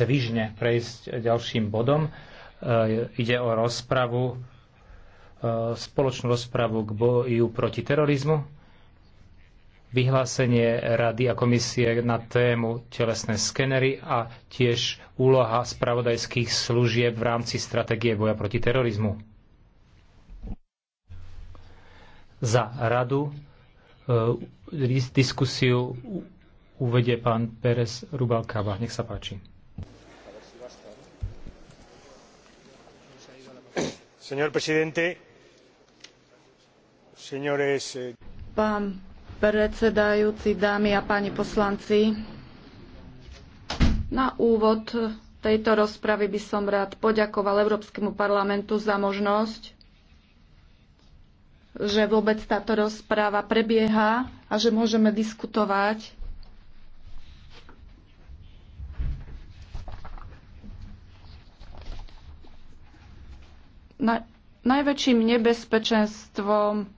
cvižne prejsť ďalším bodom. E, ide o rozpravu, e, spoločnú rozpravu k boju proti terorizmu vyhlásenie Rady a komisie na tému telesné skenery a tiež úloha spravodajských služieb v rámci stratégie boja proti terorizmu. Za radu e, diskusiu uvedie pán Pérez Rubalkáva. Nech sa páči. señor presidente señores eh, pán predsedajúci dámy a páni poslanci na úvod tejto rozpravy by som rád poďakoval Európskemu parlamentu za možnosť, že vôbec táto rozpráva prebieha a že môžeme diskutovať na, najväčším nebezpečenstvom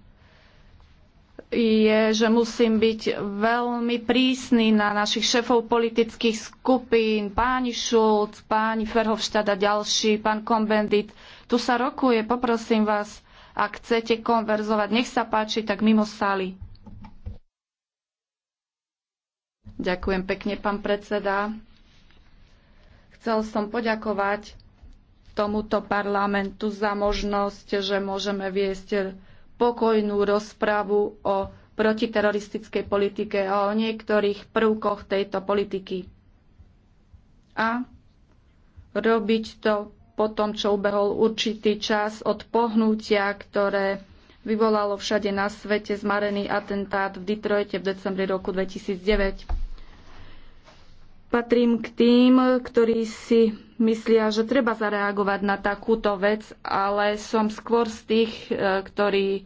je, že musím byť veľmi prísny na našich šefov politických skupín, páni Šulc, páni Ferhovštad a ďalší, pán Kombendit. Tu sa rokuje, poprosím vás, ak chcete konverzovať, nech sa páči, tak mimo sály. Ďakujem pekne, pán predseda. Chcel som poďakovať tomuto parlamentu za možnosť, že môžeme viesť pokojnú rozpravu o protiteroristickej politike a o niektorých prvkoch tejto politiky. A robiť to po tom, čo ubehol určitý čas od pohnutia, ktoré vyvolalo všade na svete zmarený atentát v Detroite v decembri roku 2009. Patrím k tým, ktorí si myslia, že treba zareagovať na takúto vec, ale som skôr z tých, e, ktorí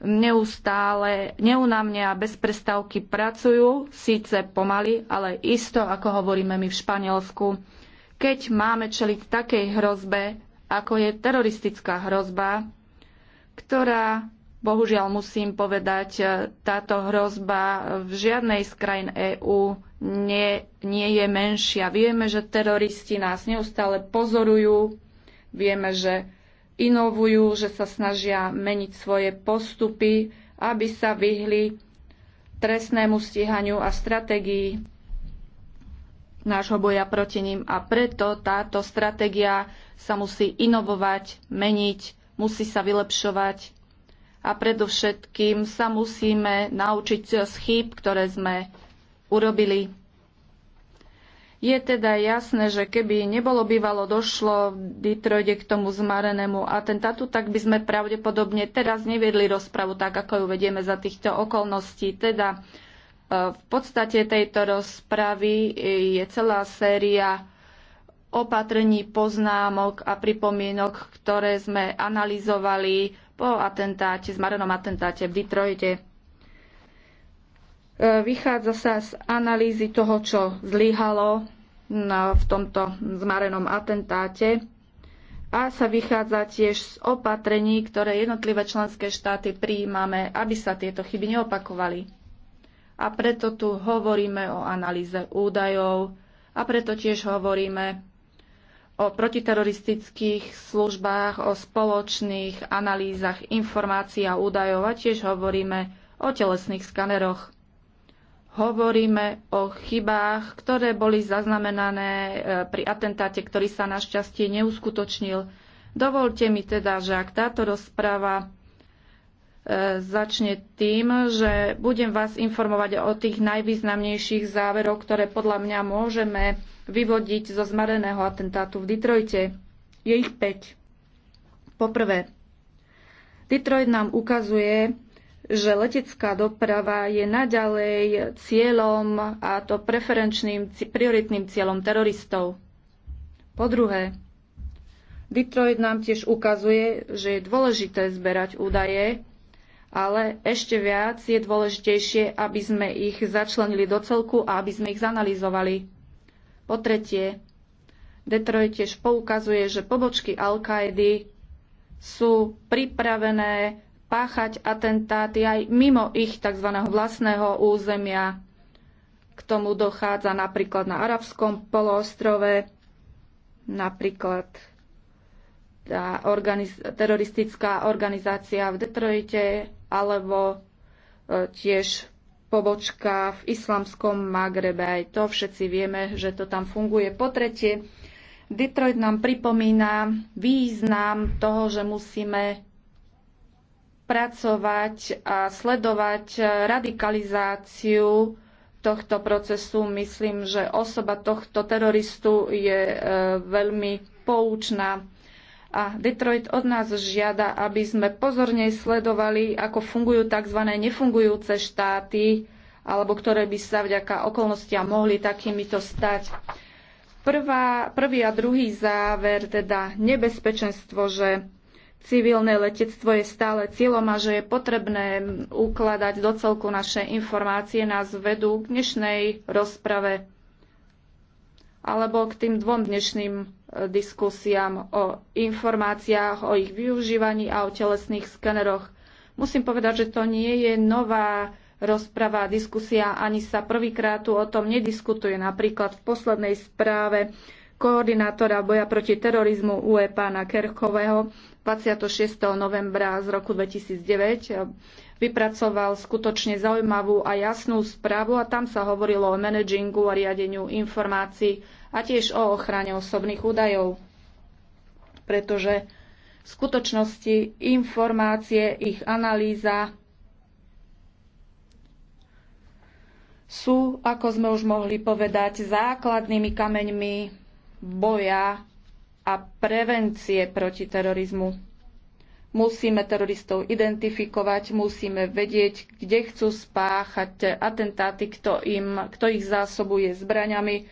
neustále, neunamne a bez prestávky pracujú, síce pomaly, ale isto, ako hovoríme my v Španielsku. Keď máme čeliť takej hrozbe, ako je teroristická hrozba, ktorá, bohužiaľ musím povedať, e, táto hrozba v žiadnej z krajín EÚ nie, nie je menšia. Vieme, že teroristi nás neustále pozorujú, vieme, že inovujú, že sa snažia meniť svoje postupy, aby sa vyhli trestnému stíhaniu a stratégii nášho boja proti ním. A preto táto stratégia sa musí inovovať, meniť, musí sa vylepšovať a predovšetkým sa musíme naučiť z chýb, ktoré sme urobili. Je teda jasné, že keby nebolo bývalo došlo v Detroide k tomu zmarenému atentátu, tak by sme pravdepodobne teraz neviedli rozpravu tak, ako ju vedieme za týchto okolností. Teda e, v podstate tejto rozpravy e, je celá séria opatrní poznámok a pripomienok, ktoré sme analyzovali po atentáte, zmarenom atentáte v Detroite. E, vychádza sa z analýzy toho, čo zlyhalo v tomto zmarenom atentáte a sa vychádza tiež z opatrení, ktoré jednotlivé členské štáty prijímame, aby sa tieto chyby neopakovali. A preto tu hovoríme o analýze údajov a preto tiež hovoríme o protiteroristických službách, o spoločných analýzach informácií a údajov a tiež hovoríme o telesných skaneroch hovoríme o chybách, ktoré boli zaznamenané e, pri atentáte, ktorý sa našťastie neuskutočnil. Dovolte mi teda, že ak táto rozpráva e, začne tým, že budem vás informovať o tých najvýznamnejších záveroch, ktoré podľa mňa môžeme vyvodiť zo zmareného atentátu v Detroite. Je ich 5. Poprvé, Detroit nám ukazuje, že letecká doprava je naďalej cieľom a to preferenčným prioritným cieľom teroristov. Po druhé, Detroit nám tiež ukazuje, že je dôležité zberať údaje, ale ešte viac je dôležitejšie, aby sme ich začlenili do celku a aby sme ich zanalizovali. Po tretie, Detroit tiež poukazuje, že pobočky Al-Kaidy sú pripravené páchať atentáty aj mimo ich tzv. vlastného územia. K tomu dochádza napríklad na Arabskom poloostrove, napríklad tá organiz- teroristická organizácia v Detroite alebo e, tiež pobočka v islamskom Magrebe. Aj to všetci vieme, že to tam funguje. Po tretie, Detroit nám pripomína význam toho, že musíme pracovať a sledovať radikalizáciu tohto procesu. Myslím, že osoba tohto teroristu je e, veľmi poučná. A Detroit od nás žiada, aby sme pozorne sledovali, ako fungujú tzv. nefungujúce štáty, alebo ktoré by sa vďaka okolnostiam mohli takýmito stať. Prvá, prvý a druhý záver, teda nebezpečenstvo, že civilné letectvo je stále cieľom a že je potrebné ukladať do celku naše informácie nás vedú k dnešnej rozprave alebo k tým dvom dnešným e, diskusiám o informáciách, o ich využívaní a o telesných skeneroch. Musím povedať, že to nie je nová rozprava, diskusia, ani sa prvýkrát tu o tom nediskutuje. Napríklad v poslednej správe koordinátora boja proti terorizmu UE pána Kerchového 26. novembra z roku 2009 vypracoval skutočne zaujímavú a jasnú správu a tam sa hovorilo o managingu a riadeniu informácií a tiež o ochrane osobných údajov, pretože v skutočnosti informácie, ich analýza sú, ako sme už mohli povedať, základnými kameňmi boja a prevencie proti terorizmu. Musíme teroristov identifikovať, musíme vedieť, kde chcú spáchať atentáty, kto, im, kto ich zásobuje zbraňami,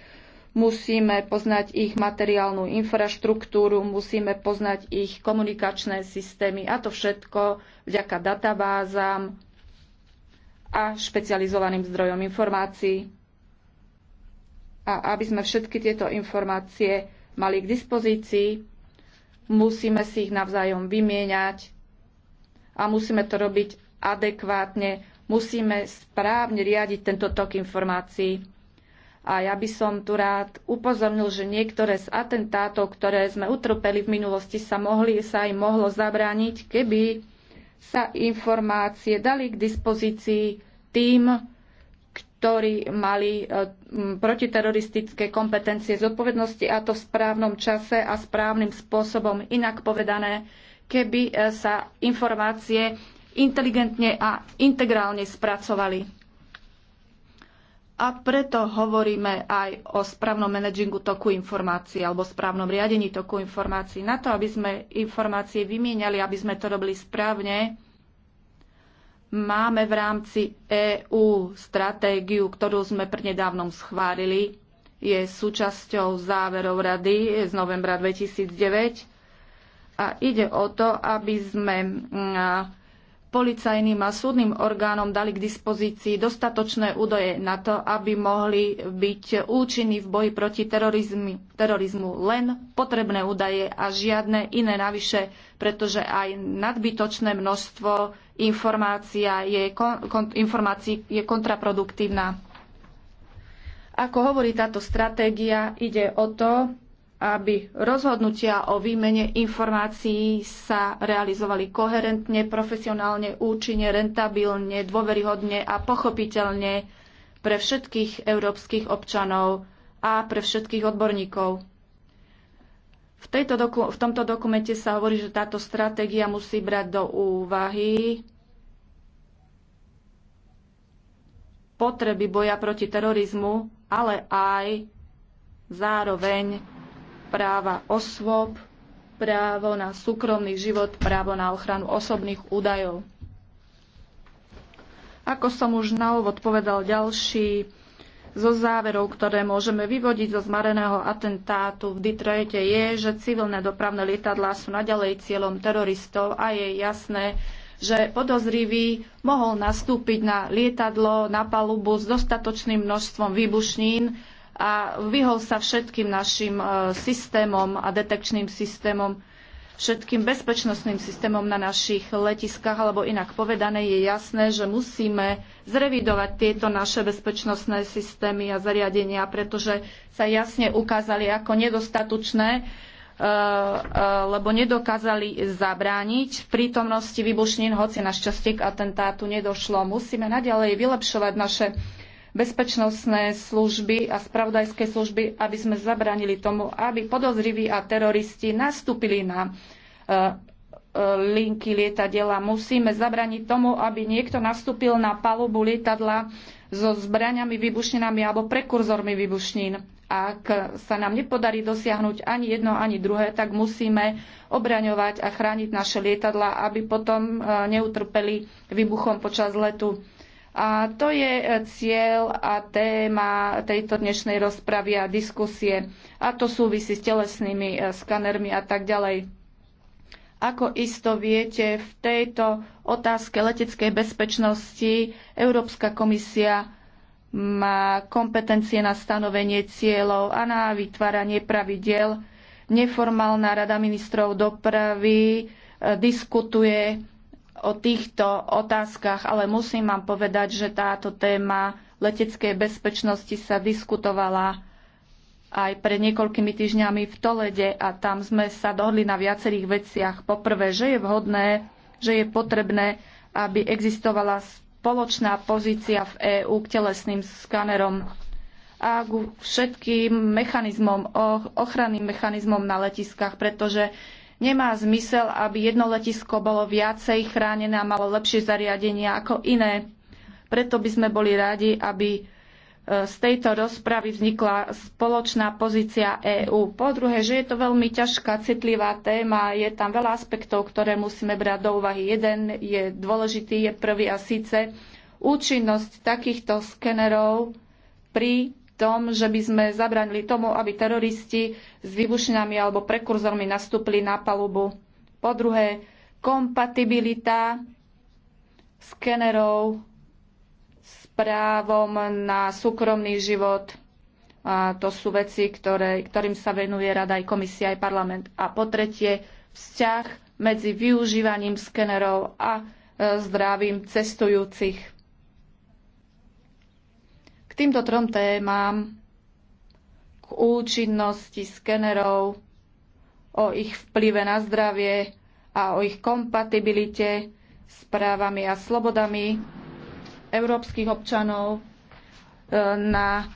musíme poznať ich materiálnu infraštruktúru, musíme poznať ich komunikačné systémy a to všetko vďaka databázám a špecializovaným zdrojom informácií. A aby sme všetky tieto informácie mali k dispozícii. Musíme si ich navzájom vymieňať a musíme to robiť adekvátne. Musíme správne riadiť tento tok informácií. A ja by som tu rád upozornil, že niektoré z atentátov, ktoré sme utrpeli v minulosti, sa, mohli, sa im mohlo zabrániť, keby sa informácie dali k dispozícii tým, ktorí mali e, protiteroristické kompetencie zodpovednosti a to v správnom čase a správnym spôsobom. Inak povedané, keby e, sa informácie inteligentne a integrálne spracovali. A preto hovoríme aj o správnom managingu toku informácií alebo správnom riadení toku informácií. Na to, aby sme informácie vymieniali, aby sme to robili správne, Máme v rámci EÚ stratégiu, ktorú sme prednedávnom schválili. Je súčasťou záverov rady z novembra 2009 a ide o to, aby sme mm, policajným a súdnym orgánom dali k dispozícii dostatočné údaje na to, aby mohli byť účinní v boji proti terorizmu, terorizmu len potrebné údaje a žiadne iné navyše, pretože aj nadbytočné množstvo informácia je, kon, informácií je kontraproduktívna. Ako hovorí táto stratégia, ide o to, aby rozhodnutia o výmene informácií sa realizovali koherentne, profesionálne, účinne, rentabilne, dôveryhodne a pochopiteľne pre všetkých európskych občanov a pre všetkých odborníkov. V, tejto doku- v tomto dokumente sa hovorí, že táto stratégia musí brať do úvahy potreby boja proti terorizmu, ale aj zároveň práva osôb, právo na súkromný život, právo na ochranu osobných údajov. Ako som už na úvod povedal, ďalší zo záverov, ktoré môžeme vyvodiť zo zmareného atentátu v Detroite je, že civilné dopravné lietadlá sú naďalej cieľom teroristov a je jasné, že podozrivý mohol nastúpiť na lietadlo, na palubu s dostatočným množstvom výbušnín, a vyhol sa všetkým našim e, systémom a detekčným systémom, všetkým bezpečnostným systémom na našich letiskách, alebo inak povedané je jasné, že musíme zrevidovať tieto naše bezpečnostné systémy a zariadenia, pretože sa jasne ukázali ako nedostatočné, e, e, lebo nedokázali zabrániť v prítomnosti výbušnín, hoci našťastie k atentátu nedošlo. Musíme naďalej vylepšovať naše bezpečnostné služby a spravodajské služby, aby sme zabránili tomu, aby podozriví a teroristi nastúpili na e, e, linky lietadela. Musíme zabraniť tomu, aby niekto nastúpil na palubu lietadla so zbraniami, vybušninami alebo prekurzormi vybušnín. Ak sa nám nepodarí dosiahnuť ani jedno, ani druhé, tak musíme obraňovať a chrániť naše lietadla, aby potom e, neutrpeli výbuchom počas letu. A to je e, cieľ a téma tejto dnešnej rozpravy a diskusie. A to súvisí s telesnými e, skanermi a tak ďalej. Ako isto viete, v tejto otázke leteckej bezpečnosti Európska komisia má kompetencie na stanovenie cieľov a na vytváranie pravidiel. Neformálna rada ministrov dopravy e, diskutuje o týchto otázkach, ale musím vám povedať, že táto téma leteckej bezpečnosti sa diskutovala aj pred niekoľkými týždňami v Tolede a tam sme sa dohodli na viacerých veciach. Poprvé, že je vhodné, že je potrebné, aby existovala spoločná pozícia v EÚ k telesným skanerom a k všetkým mechanizmom, ochranným mechanizmom na letiskách, pretože Nemá zmysel, aby jedno letisko bolo viacej chránené a malo lepšie zariadenia ako iné. Preto by sme boli radi, aby e, z tejto rozpravy vznikla spoločná pozícia EÚ. Po druhé, že je to veľmi ťažká, citlivá téma, je tam veľa aspektov, ktoré musíme brať do úvahy. Jeden je dôležitý, je prvý a síce účinnosť takýchto skenerov pri tom, že by sme zabranili tomu, aby teroristi s výbušinami alebo prekurzormi nastúpili na palubu. Po druhé, kompatibilita skenerov s právom na súkromný život. A to sú veci, ktoré, ktorým sa venuje Rada aj komisia, aj parlament. A po tretie, vzťah medzi využívaním skenerov a e, zdravím cestujúcich týmto trom témam, k účinnosti skenerov, o ich vplyve na zdravie a o ich kompatibilite s právami a slobodami európskych občanov. E, na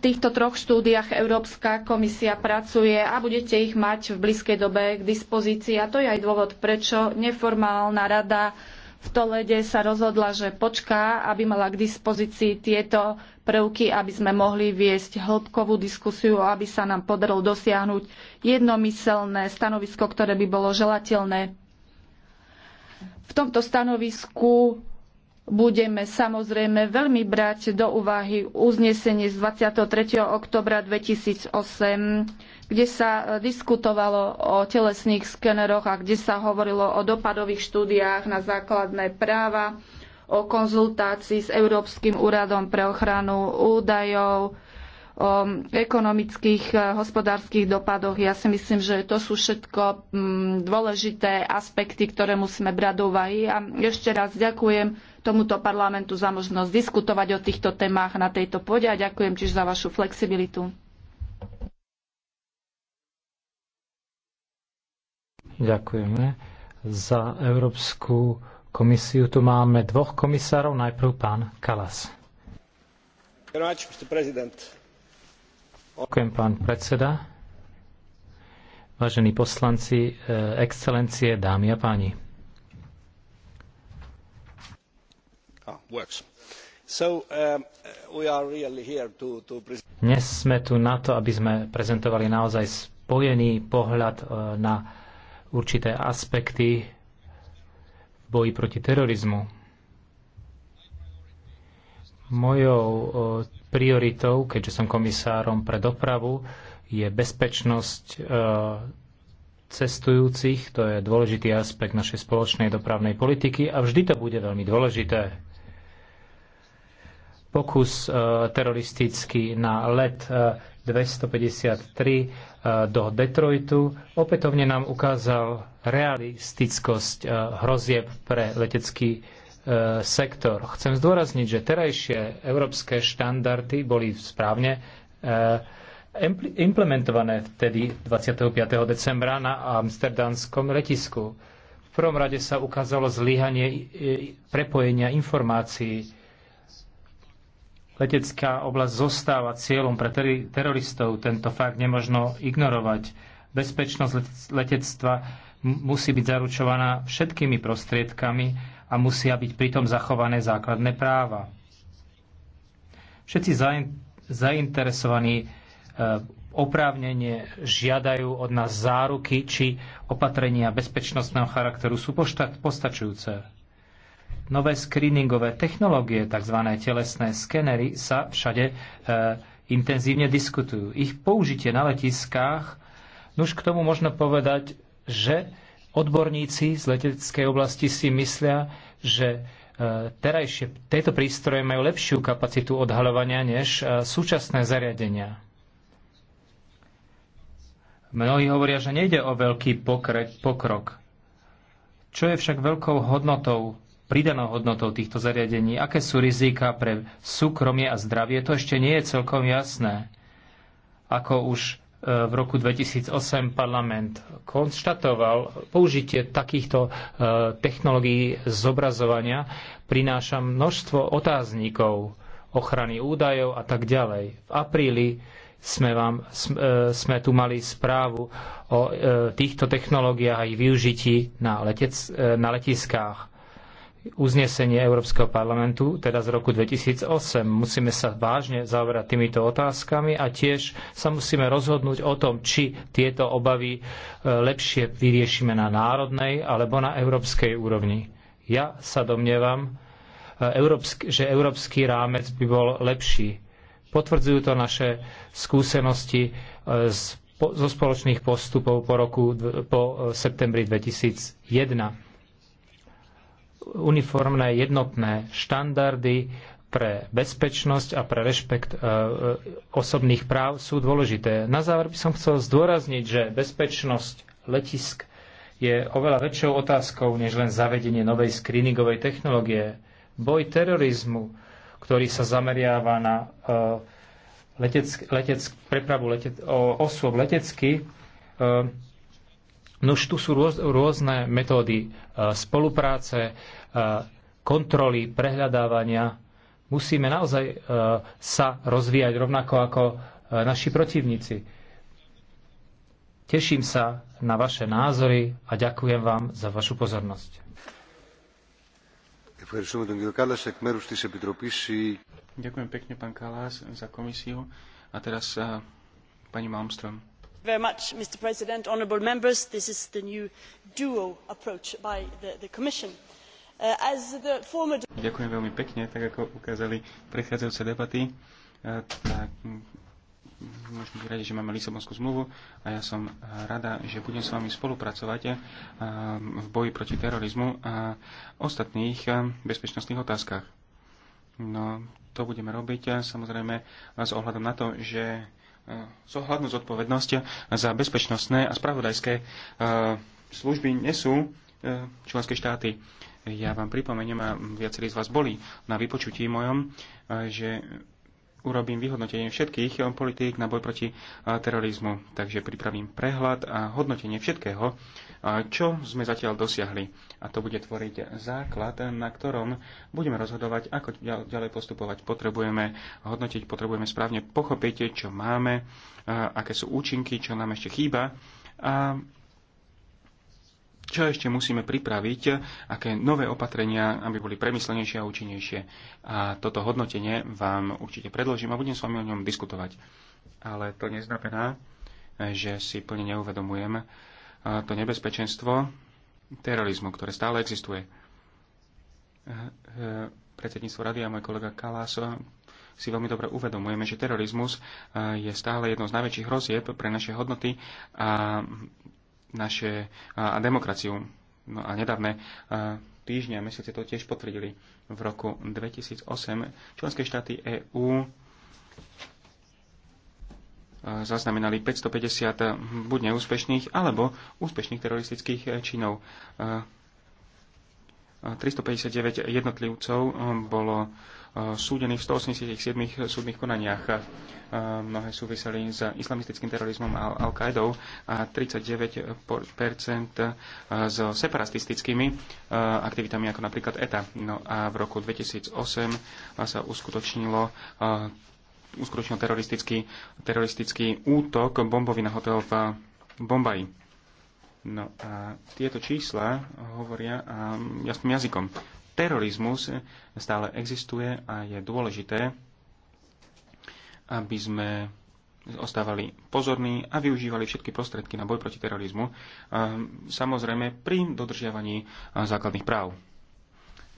týchto troch štúdiách Európska komisia pracuje a budete ich mať v blízkej dobe k dispozícii. A to je aj dôvod, prečo neformálna rada v Tolede sa rozhodla, že počká, aby mala k dispozícii tieto prvky, aby sme mohli viesť hĺbkovú diskusiu, aby sa nám podarilo dosiahnuť jednomyselné stanovisko, ktoré by bolo želateľné. V tomto stanovisku budeme samozrejme veľmi brať do úvahy uznesenie z 23. oktobra 2008, kde sa e, diskutovalo o telesných skeneroch a kde sa hovorilo o dopadových štúdiách na základné práva, o konzultácii s Európskym úradom pre ochranu údajov, o ekonomických e, hospodárskych dopadoch. Ja si myslím, že to sú všetko dôležité aspekty, ktoré musíme brať do úvahy. A ešte raz ďakujem tomuto parlamentu za možnosť diskutovať o týchto témach na tejto pôde a ďakujem tiež za vašu flexibilitu. Ďakujeme. Za Európsku komisiu tu máme dvoch komisárov. Najprv pán Kalas. Ďakujem, pán predseda. Vážení poslanci, eh, excelencie, dámy a páni. works. Um, Dnes sme tu na to, aby sme prezentovali naozaj spojený pohľad uh, na určité aspekty v boji proti terorizmu. Mojou uh, prioritou, keďže som komisárom pre dopravu, je bezpečnosť uh, cestujúcich, to je dôležitý aspekt našej spoločnej dopravnej politiky a vždy to bude veľmi dôležité pokus e, teroristický na let 253 e, e, do Detroitu opätovne nám ukázal realistickosť hrozieb pre letecký sektor. Chcem zdôrazniť, že terajšie európske štandardy boli správne implementované vtedy 25. decembra na amsterdamskom letisku. V prvom rade sa ukázalo zlyhanie prepojenia informácií Letecká oblasť zostáva cieľom pre teroristov. Tento fakt nemožno ignorovať. Bezpečnosť letectva musí byť zaručovaná všetkými prostriedkami a musia byť pritom zachované základné práva. Všetci zainteresovaní e, oprávnenie žiadajú od nás záruky či opatrenia bezpečnostného charakteru sú postačujúce. Nové screeningové technológie, tzv. telesné skenery, sa všade e, intenzívne diskutujú. Ich použitie na letiskách, nuž k tomu možno povedať, že odborníci z leteckej oblasti si myslia, že e, terajšie, tieto prístroje majú lepšiu kapacitu odhaľovania než e, súčasné zariadenia. Mnohí hovoria, že nejde o veľký pokrok. Čo je však veľkou hodnotou pridanou hodnotou týchto zariadení, aké sú rizika pre súkromie a zdravie, to ešte nie je celkom jasné. Ako už e, v roku 2008 parlament konštatoval, použitie takýchto e, technológií zobrazovania prináša množstvo otáznikov ochrany údajov a tak ďalej. V apríli sme, vám, e, sme tu mali správu o týchto technológiách a ich využití na, letec, na letiskách uznesenie Európskeho parlamentu, teda z roku 2008. Musíme sa vážne zaoberať týmito otázkami a tiež sa musíme rozhodnúť o tom, či tieto obavy e, lepšie vyriešime na národnej alebo na európskej úrovni. Ja sa domnievam, e, že európsky rámec by bol lepší. Potvrdzujú to naše skúsenosti e, zo spoločných postupov po, roku, po septembri 2001 uniformné jednotné štandardy pre bezpečnosť a pre rešpekt e, e, osobných práv sú dôležité. Na záver by som chcel zdôrazniť, že bezpečnosť letisk je oveľa väčšou otázkou než len zavedenie novej screeningovej technológie. Boj terorizmu, ktorý sa zameriava na letec, letec, prepravu letec, osôb letecky, e, Nož tu sú rôz, rôzne metódy e, spolupráce, e, kontroly, prehľadávania. Musíme naozaj e, sa rozvíjať rovnako ako naši protivníci. Teším sa na vaše názory a ďakujem vám za vašu pozornosť. Ďakujem pekne, pán Kalás, za komisiu. A teraz pani Malmström mr president honourable members this is the new duo approach by the commission. Uh, former... ďakujem veľmi pekne tak ako ukázali predchádzajúce debaty uh, tak môžeme byť radi, že máme Lisabonskú zmluvu a ja som rada, že budem s vami spolupracovať uh, v boji proti terorizmu a ostatných bezpečnostných otázkach. No, to budeme robiť samozrejme s ohľadom na to, že E, zohľadnú zodpovednosť za bezpečnostné a spravodajské e, služby nesú e, členské štáty. Ja vám pripomeniem, a viacerí z vás boli na vypočutí mojom, že urobím vyhodnotenie všetkých eh, politík na boj proti eh, terorizmu. Takže pripravím prehľad a hodnotenie všetkého, eh, čo sme zatiaľ dosiahli. A to bude tvoriť základ, na ktorom budeme rozhodovať, ako ďalej postupovať. Potrebujeme hodnotiť, potrebujeme správne pochopiť, čo máme, aké sú účinky, čo nám ešte chýba a čo ešte musíme pripraviť, aké nové opatrenia, aby boli premyslenejšie a účinnejšie. A toto hodnotenie vám určite predložím a budem s vami o ňom diskutovať. Ale to neznamená, že si plne neuvedomujem to nebezpečenstvo terorizmu, ktoré stále existuje. E, predsedníctvo rady a môj kolega Kalás si veľmi dobre uvedomujeme, že terorizmus je stále jednou z najväčších hrozieb pre naše hodnoty a naše a, demokraciu. No a nedávne a, týždne a mesiace to tiež potvrdili. V roku 2008 členské štáty EÚ zaznamenali 550 buď neúspešných, alebo úspešných teroristických e, činov. 359 jednotlivcov e, bolo Eh, súdených v 187 súdnych konaniach. Eh, mnohé súviseli s islamistickým terorizmom a Al-Qaidou a 39 eh, s separatistickými aktivitami ako napríklad ETA. No a v roku 2008 sa uskutočnilo uskutočnil teroristický, teroristický útok bombový na hotel v Bombaji. No a tieto čísla hovoria jasným jazykom terorizmus stále existuje a je dôležité, aby sme ostávali pozorní a využívali všetky prostriedky na boj proti terorizmu, samozrejme pri dodržiavaní základných práv.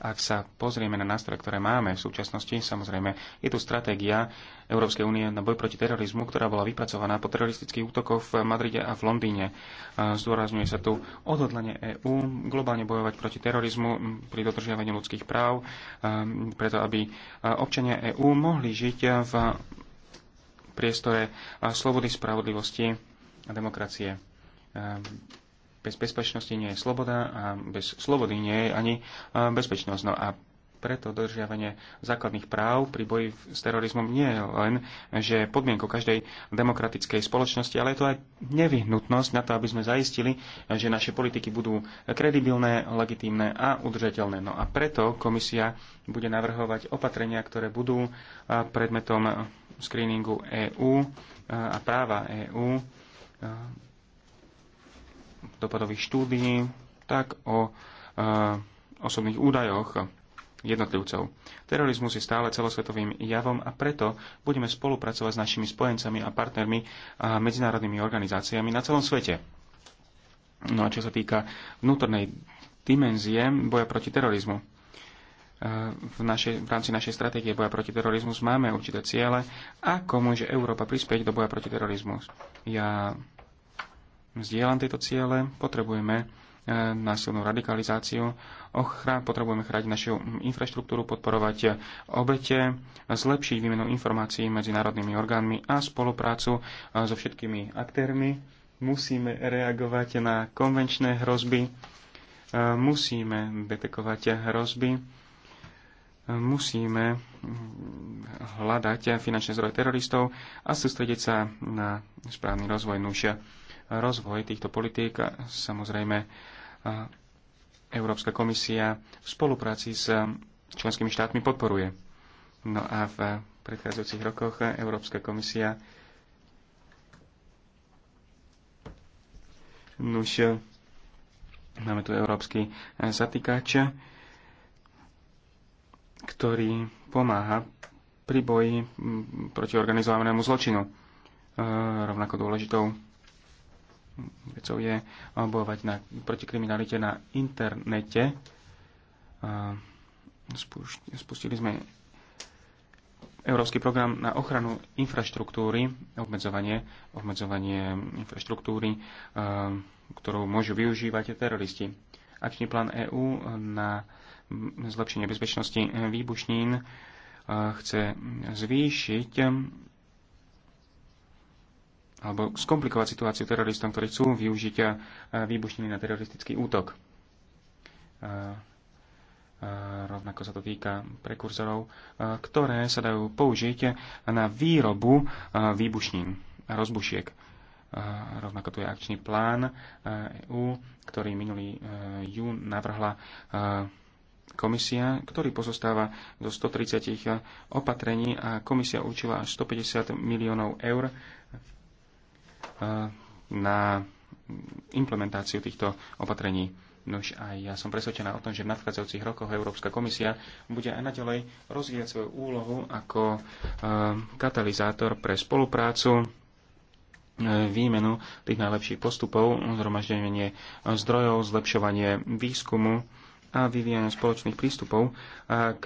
Ak sa pozrieme na nástroje, ktoré máme v súčasnosti, samozrejme, je tu stratégia Európskej únie na boj proti terorizmu, ktorá bola vypracovaná po teroristických útokoch v Madride a v Londýne. Zdôrazňuje sa tu odhodlanie EÚ globálne bojovať proti terorizmu pri dodržiavaní ľudských práv, preto aby občania EÚ mohli žiť v priestore slobody, spravodlivosti a demokracie bez bezpečnosti nie je sloboda a bez slobody nie je ani e, bezpečnosť. No a preto dodržiavanie základných práv pri boji s terorizmom nie je len, že podmienkou každej demokratickej spoločnosti, ale je to aj nevyhnutnosť na to, aby sme zaistili, že naše politiky budú kredibilné, legitímne a udržateľné. No a preto komisia bude navrhovať opatrenia, ktoré budú e, predmetom screeningu EÚ e, a práva EÚ dopadových štúdií, tak o e, osobných údajoch jednotlivcov. Terorizmus je stále celosvetovým javom a preto budeme spolupracovať s našimi spojencami a partnermi a medzinárodnými organizáciami na celom svete. No a čo sa týka vnútornej dimenzie boja proti terorizmu. E, v, našej, v rámci našej stratégie boja proti terorizmu máme určité ciele, ako môže Európa prispieť do boja proti terorizmu. Ja vzdielam tieto ciele, potrebujeme e, násilnú radikalizáciu, ochrán, potrebujeme chrániť našu infraštruktúru, podporovať obete, zlepšiť výmenu informácií medzi národnými orgánmi a spoluprácu e, so všetkými aktérmi. Musíme reagovať na konvenčné hrozby, e, musíme detekovať hrozby, musíme mm, hľadať finančné zdroje teroristov a sústrediť sa na správny rozvoj nušia rozvoj týchto politík samozrejme Európska komisia v spolupráci s členskými štátmi podporuje. No a v predchádzajúcich rokoch Európska komisia Nuž, máme tu európsky e, zatýkač, ktorý pomáha pri boji proti organizovanému zločinu. E, rovnako dôležitou vecou je eh, bojovať na, proti kriminalite na internete. Spustili sme Európsky program na ochranu infraštruktúry, obmedzovanie, obmedzovanie infraštruktúry, eh, ktorú môžu využívať teroristi. Akčný plán EÚ na zlepšenie bezpečnosti výbušnín eh, chce zvýšiť alebo skomplikovať situáciu teroristom, ktorí chcú využiť eh, výbušniny na teroristický útok. Eh, eh, rovnako sa to týka prekurzorov, ktoré sa dajú použiť na výrobu výbušnín a rozbušiek. Rovnako tu je akčný plán EU, e ktorý minulý jún navrhla komisia, ktorý pozostáva zo 130 opatrení a komisia určila až 150 miliónov eur na implementáciu týchto opatrení. Nož aj ja som presvedčená o tom, že v nadchádzajúcich rokoch Európska komisia bude aj naďalej rozvíjať svoju úlohu ako e, katalizátor pre spoluprácu, e, výmenu tých najlepších postupov, zhromaždenie zdrojov, zlepšovanie výskumu a vyvíjanie spoločných prístupov k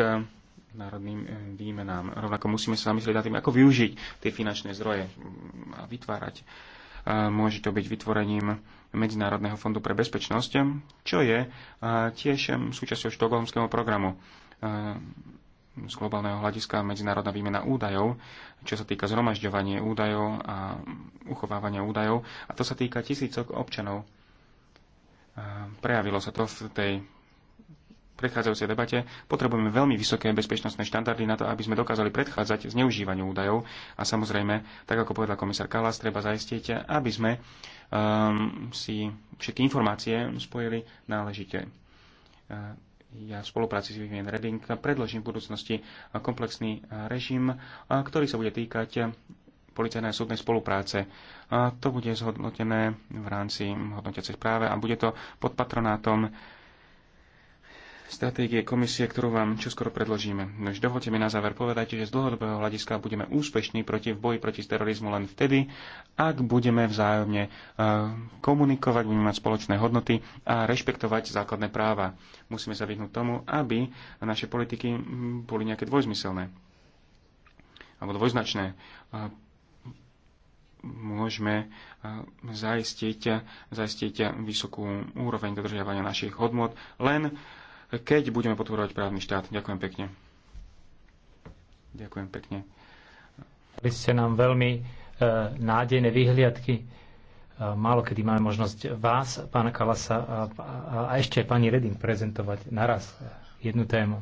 národným e, výmenám. Rovnako musíme sa zamyslieť nad tým, ako využiť tie finančné zdroje a vytvárať uh, Môže to byť vytvorením Medzinárodného fondu pre bezpečnosť, čo je tiež súčasťou štokholmského programu z globálneho hľadiska medzinárodná výmena údajov, čo sa týka zhromažďovania údajov a uchovávania údajov. A to sa týka tisícok občanov. Prejavilo sa to v tej predchádzajúcej debate, potrebujeme veľmi vysoké bezpečnostné štandardy na to, aby sme dokázali predchádzať zneužívaniu údajov a samozrejme, tak ako povedal komisár Kalas, treba zaistiť, aby sme um, si všetky informácie spojili náležite. E, ja v spolupráci s Vivian Redding predložím v budúcnosti komplexný režim, e, ktorý sa bude týkať policajnej a súdnej spolupráce. A to bude zhodnotené v rámci hodnotiacej práve a bude to pod patronátom stratégie komisie, ktorú vám čoskoro predložíme. Nož dovolte mi na záver povedať, že z dlhodobého hľadiska budeme úspešní proti, v boji proti terorizmu len vtedy, ak budeme vzájomne e, komunikovať, budeme mať spoločné hodnoty a rešpektovať základné práva. Musíme sa vyhnúť tomu, aby naše politiky boli nejaké dvojzmyselné alebo dvojznačné môžeme e, zaistiť, zaistiť vysokú úroveň dodržiavania našich hodnot len keď budeme podporovať právny štát. Ďakujem pekne. Ďakujem pekne. Vy ste nám veľmi e, nádejné vyhliadky. E, málo kedy máme možnosť vás, pána Kalasa a, a, a ešte pani Reding prezentovať naraz e, jednu tému.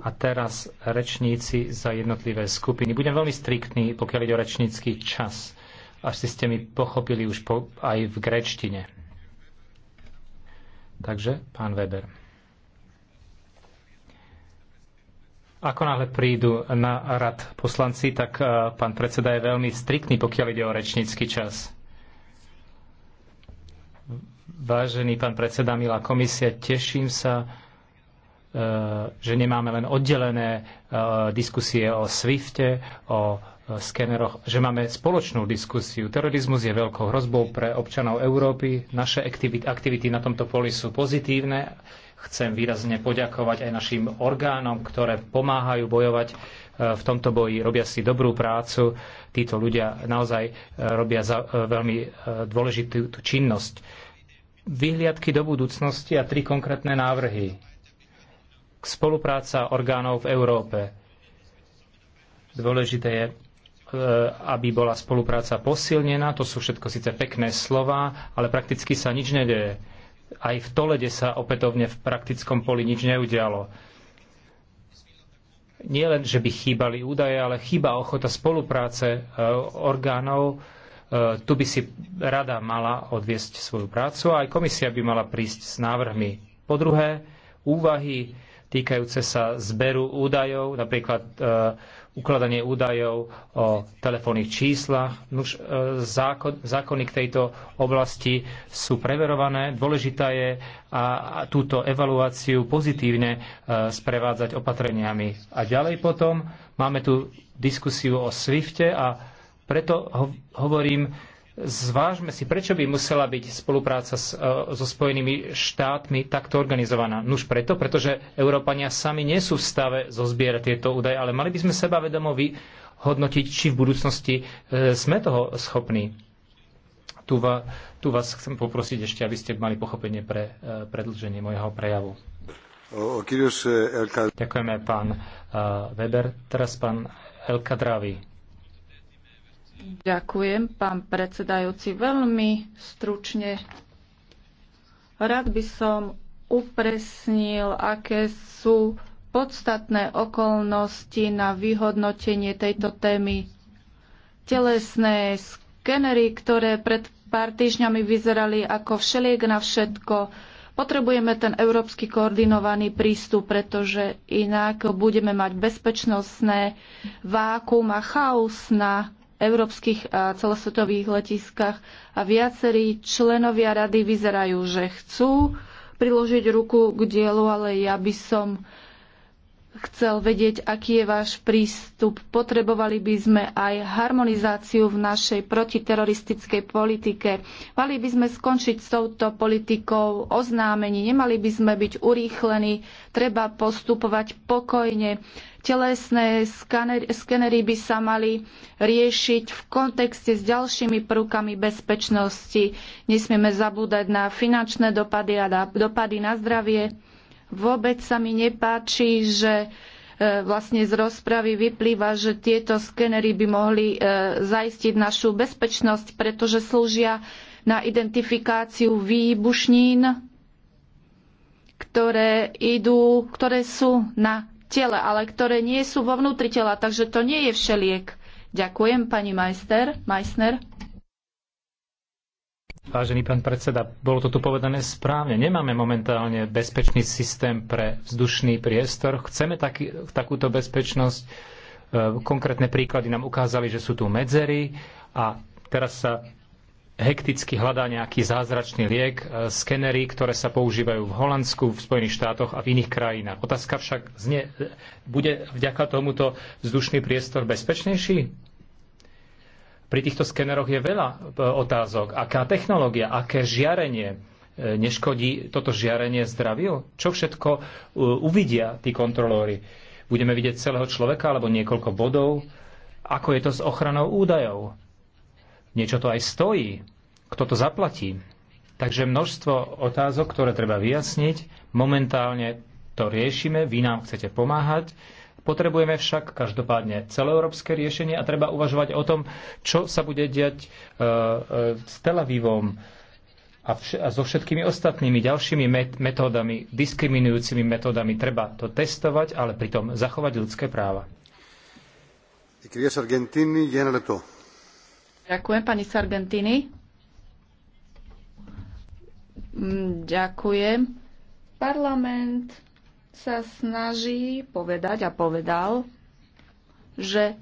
A teraz rečníci za jednotlivé skupiny. Budem veľmi striktný, pokiaľ ide o rečnícky čas. Až si ste mi pochopili už po, aj v grečtine. Takže, pán Weber. Ako náhle prídu na rad poslanci, tak e, pán predseda je veľmi striktný, pokiaľ ide o rečnícky čas. Vážený pán predseda, milá komisia, teším sa, e, že nemáme len oddelené e, diskusie o Swifte, o skéneroch, že máme spoločnú diskusiu. Terorizmus je veľkou hrozbou pre občanov Európy. Naše aktivity, aktivity na tomto poli sú pozitívne. Chcem výrazne poďakovať aj našim orgánom, ktoré pomáhajú bojovať e, v tomto boji, robia si dobrú prácu. Títo ľudia naozaj e, robia za e, veľmi dôležitú činnosť. Vyhliadky do budúcnosti a tri konkrétne návrhy. Spolupráca orgánov v Európe. Dôležité je E, aby bola spolupráca posilnená. To sú všetko síce pekné slova, ale prakticky sa nič nedeje. Aj v Tolede sa opätovne v praktickom poli nič neudialo. Nie len, že by chýbali údaje, ale chýba ochota spolupráce e, orgánov. E, tu by si rada mala odviesť svoju prácu a aj komisia by mala prísť s návrhmi. Po druhé, úvahy týkajúce sa zberu údajov, napríklad e, ukladanie údajov o telefónnych číslach. Nuž, e, zákon, zákony k tejto oblasti sú preverované. Dôležitá je a, a túto evaluáciu pozitívne e, sprevádzať opatreniami. A ďalej potom máme tu diskusiu o SWIFTE a preto ho, hovorím, zvážme si, prečo by musela byť spolupráca s, e, so Spojenými štátmi takto organizovaná. Nuž preto, pretože Európania sami nie sú v stave zozbierať tieto údaje, ale mali by sme seba vedomo vyhodnotiť, či v budúcnosti e, sme toho schopní. Tu, va, tu vás chcem poprosiť ešte, aby ste mali pochopenie pre e, predlženie mojho prejavu. Ďakujeme, pán Weber. Teraz pán Elkadravi. Ďakujem, pán predsedajúci. Veľmi stručne rád by som upresnil, aké sú podstatné okolnosti na vyhodnotenie tejto témy. Telesné skenery, ktoré pred pár týždňami vyzerali ako všeliek na všetko, potrebujeme ten európsky koordinovaný prístup, pretože inak budeme mať bezpečnostné vákum a chaos na európskych a celosvetových letiskách a viacerí členovia rady vyzerajú, že chcú priložiť ruku k dielu, ale ja by som chcel vedieť, aký je váš prístup. Potrebovali by sme aj harmonizáciu v našej protiteroristickej politike. Mali by sme skončiť s touto politikou oznámení, nemali by sme byť urýchlení, treba postupovať pokojne. Telesné skenery by sa mali riešiť v kontexte s ďalšími prvkami bezpečnosti. Nesmieme zabúdať na finančné dopady a dopady na zdravie Vôbec sa mi nepáči, že e, vlastne z rozpravy vyplýva, že tieto skenery by mohli e, zaistiť našu bezpečnosť, pretože slúžia na identifikáciu výbušnín, ktoré, idú, ktoré sú na tele, ale ktoré nie sú vo vnútri tela, takže to nie je všeliek. Ďakujem, pani Majster, majsner. Vážený pán predseda, bolo to tu povedané správne. Nemáme momentálne bezpečný systém pre vzdušný priestor. Chceme taký, takúto bezpečnosť. E, konkrétne príklady nám ukázali, že sú tu medzery a teraz sa hekticky hľadá nejaký zázračný liek, e, skenery, ktoré sa používajú v Holandsku, v Spojených štátoch a v iných krajinách. Otázka však znie, e, bude vďaka tomuto vzdušný priestor bezpečnejší? Pri týchto skeneroch je veľa e, otázok. Aká technológia, aké žiarenie e, neškodí toto žiarenie zdraviu? Čo všetko e, uvidia tí kontrolóri? Budeme vidieť celého človeka alebo niekoľko bodov? Ako je to s ochranou údajov? Niečo to aj stojí. Kto to zaplatí? Takže množstvo otázok, ktoré treba vyjasniť. Momentálne to riešime, vy nám chcete pomáhať Potrebujeme však každopádne celoeurópske riešenie a treba uvažovať o tom, čo sa bude diať e, e, s Tel Avivom a, vš- a so všetkými ostatnými ďalšími met- metódami, diskriminujúcimi metódami. Treba to testovať, ale pritom zachovať ľudské práva. Ďakujem, pani Sargentini. Mm, ďakujem. Parlament sa snaží povedať a povedal, že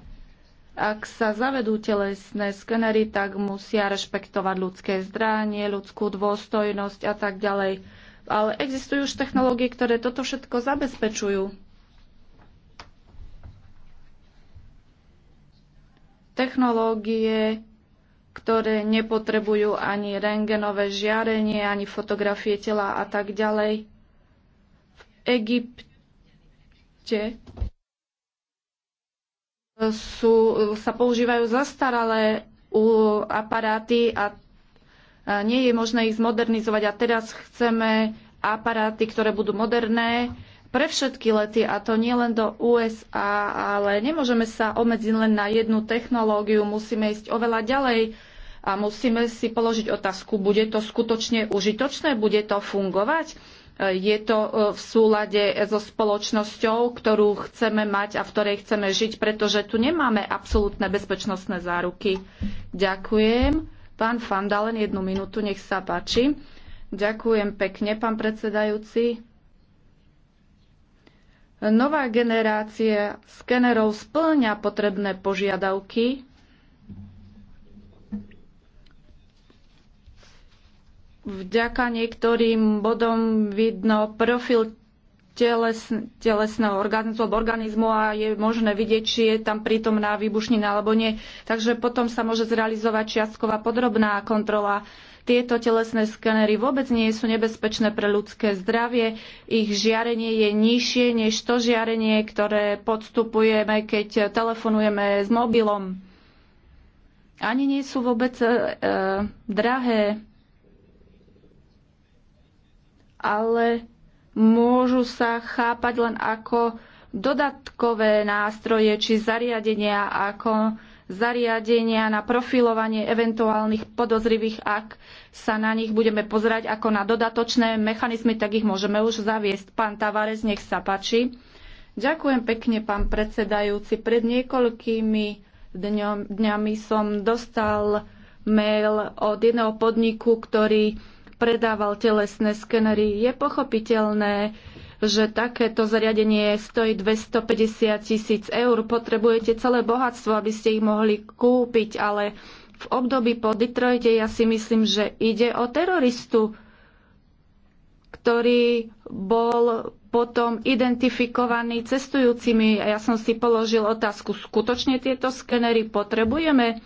ak sa zavedú telesné skenery, tak musia rešpektovať ľudské zdranie, ľudskú dôstojnosť a tak ďalej. Ale existujú už technológie, ktoré toto všetko zabezpečujú. Technológie, ktoré nepotrebujú ani rengenové žiarenie, ani fotografie tela a tak ďalej Egypte sú, sa používajú zastaralé aparáty a nie je možné ich zmodernizovať. A teraz chceme aparáty, ktoré budú moderné pre všetky lety, a to nie len do USA, ale nemôžeme sa obmedziť len na jednu technológiu, musíme ísť oveľa ďalej a musíme si položiť otázku, bude to skutočne užitočné, bude to fungovať? je to e, v súlade so spoločnosťou, ktorú chceme mať a v ktorej chceme žiť, pretože tu nemáme absolútne bezpečnostné záruky. Ďakujem. Pán Fanda, len jednu minútu, nech sa páči. Ďakujem pekne, pán predsedajúci. Nová generácia skenerov splňa potrebné požiadavky vďaka niektorým bodom vidno profil telesného organizmu organizmu a je možné vidieť, či je tam prítomná výbušnina alebo nie. Takže potom sa môže zrealizovať čiastková podrobná kontrola. Tieto telesné skenery vôbec nie sú nebezpečné pre ľudské zdravie. Ich žiarenie je nižšie než to žiarenie, ktoré podstupujeme, keď telefonujeme s mobilom. Ani nie sú vôbec e, e drahé ale môžu sa chápať len ako dodatkové nástroje či zariadenia ako zariadenia na profilovanie eventuálnych podozrivých, ak sa na nich budeme pozerať ako na dodatočné mechanizmy, tak ich môžeme už zaviesť. Pán Tavares, nech sa páči. Ďakujem pekne, pán predsedajúci. Pred niekoľkými dňom, dňami som dostal mail od jedného podniku, ktorý predával telesné skenery. Je pochopiteľné, že takéto zariadenie stojí 250 tisíc eur. Potrebujete celé bohatstvo, aby ste ich mohli kúpiť, ale v období po Detroite ja si myslím, že ide o teroristu, ktorý bol potom identifikovaný cestujúcimi. Ja som si položil otázku, skutočne tieto skenery potrebujeme?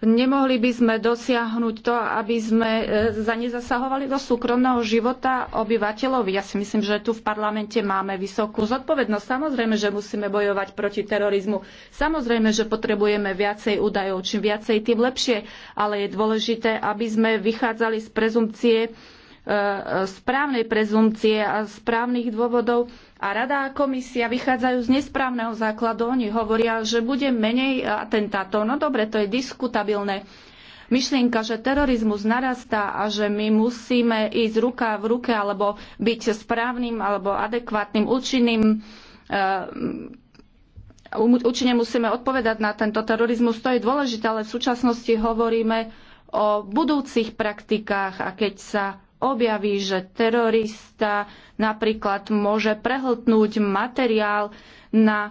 Nemohli by sme dosiahnuť to, aby sme e, za nezasahovali do súkromného života obyvateľov. Ja si myslím, že tu v parlamente máme vysokú zodpovednosť. Samozrejme, že musíme bojovať proti terorizmu. Samozrejme, že potrebujeme viacej údajov. Čím viacej, tým lepšie. Ale je dôležité, aby sme vychádzali z prezumcie E, správnej prezumcie a správnych dôvodov. A rada a komisia vychádzajú z nesprávneho základu. Oni hovoria, že bude menej atentátov. No dobre, to je diskutabilné. Myšlienka, že terorizmus narastá a že my musíme ísť ruka v ruke alebo byť správnym alebo adekvátnym, účinným e, um, účinne musíme odpovedať na tento terorizmus. To je dôležité, ale v súčasnosti hovoríme o budúcich praktikách a keď sa objaví, že terorista napríklad môže prehltnúť materiál na e,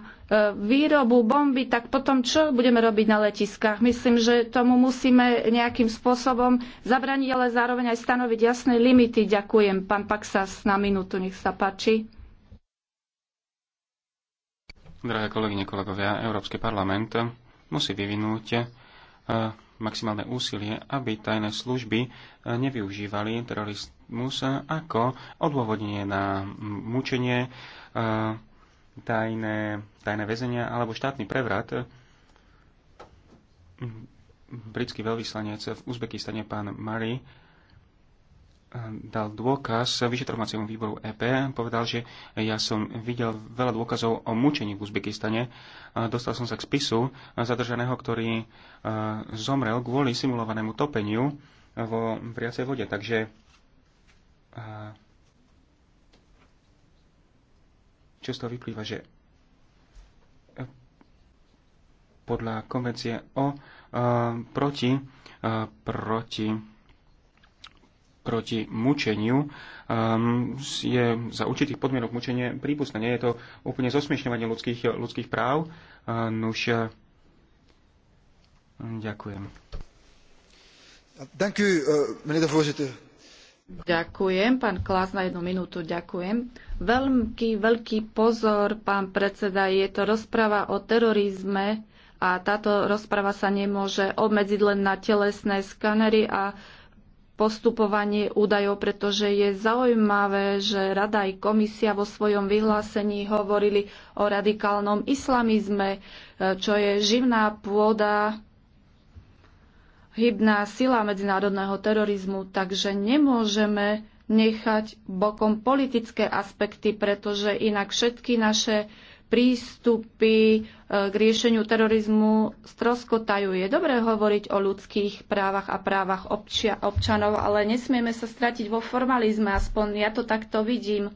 výrobu bomby, tak potom čo budeme robiť na letiskách? Myslím, že tomu musíme nejakým spôsobom zabraniť, ale zároveň aj stanoviť jasné limity. Ďakujem. Pán Paksas, na minútu, nech sa páči. Drahé kolegyne, kolegovia, Európsky parlament musí vyvinúť e, maximálne úsilie, aby tajné služby e, nevyužívali terorizmus ako odôvodnenie na mučenie, e, tajné, tajné väzenia alebo štátny prevrat. Britský veľvyslanec v Uzbekistane pán Murray dal dôkaz vyšetrovaciemu výboru EP, povedal, že ja som videl veľa dôkazov o mučení v Uzbekistane. Dostal som sa k spisu zadržaného, ktorý e, zomrel kvôli simulovanému topeniu vo priacej vode. Takže čo z toho vyplýva, že e, podľa konvencie o e, proti, proti proti mučeniu um, je za určitých podmienok mučenie prípustné. Nie je to úplne zosmiešňovanie ľudských, ľudských práv. Uh, nuž, uh, ďakujem. Eh, ďakujem, pán Klas na jednu minútu ďakujem. Veľký, veľký pozor, pán predseda, je to rozpráva o terorizme a táto rozprava sa nemôže obmedziť len na telesné skanery a postupovanie údajov, pretože je zaujímavé, že Rada aj komisia vo svojom vyhlásení hovorili o radikálnom islamizme, e, čo je živná pôda, hybná sila medzinárodného terorizmu, takže nemôžeme nechať bokom politické aspekty, pretože inak všetky naše prístupy e, k riešeniu terorizmu stroskotajú. Je dobré hovoriť o ľudských právach a právach občia, občanov, ale nesmieme sa stratiť vo formalizme, aspoň ja to takto vidím.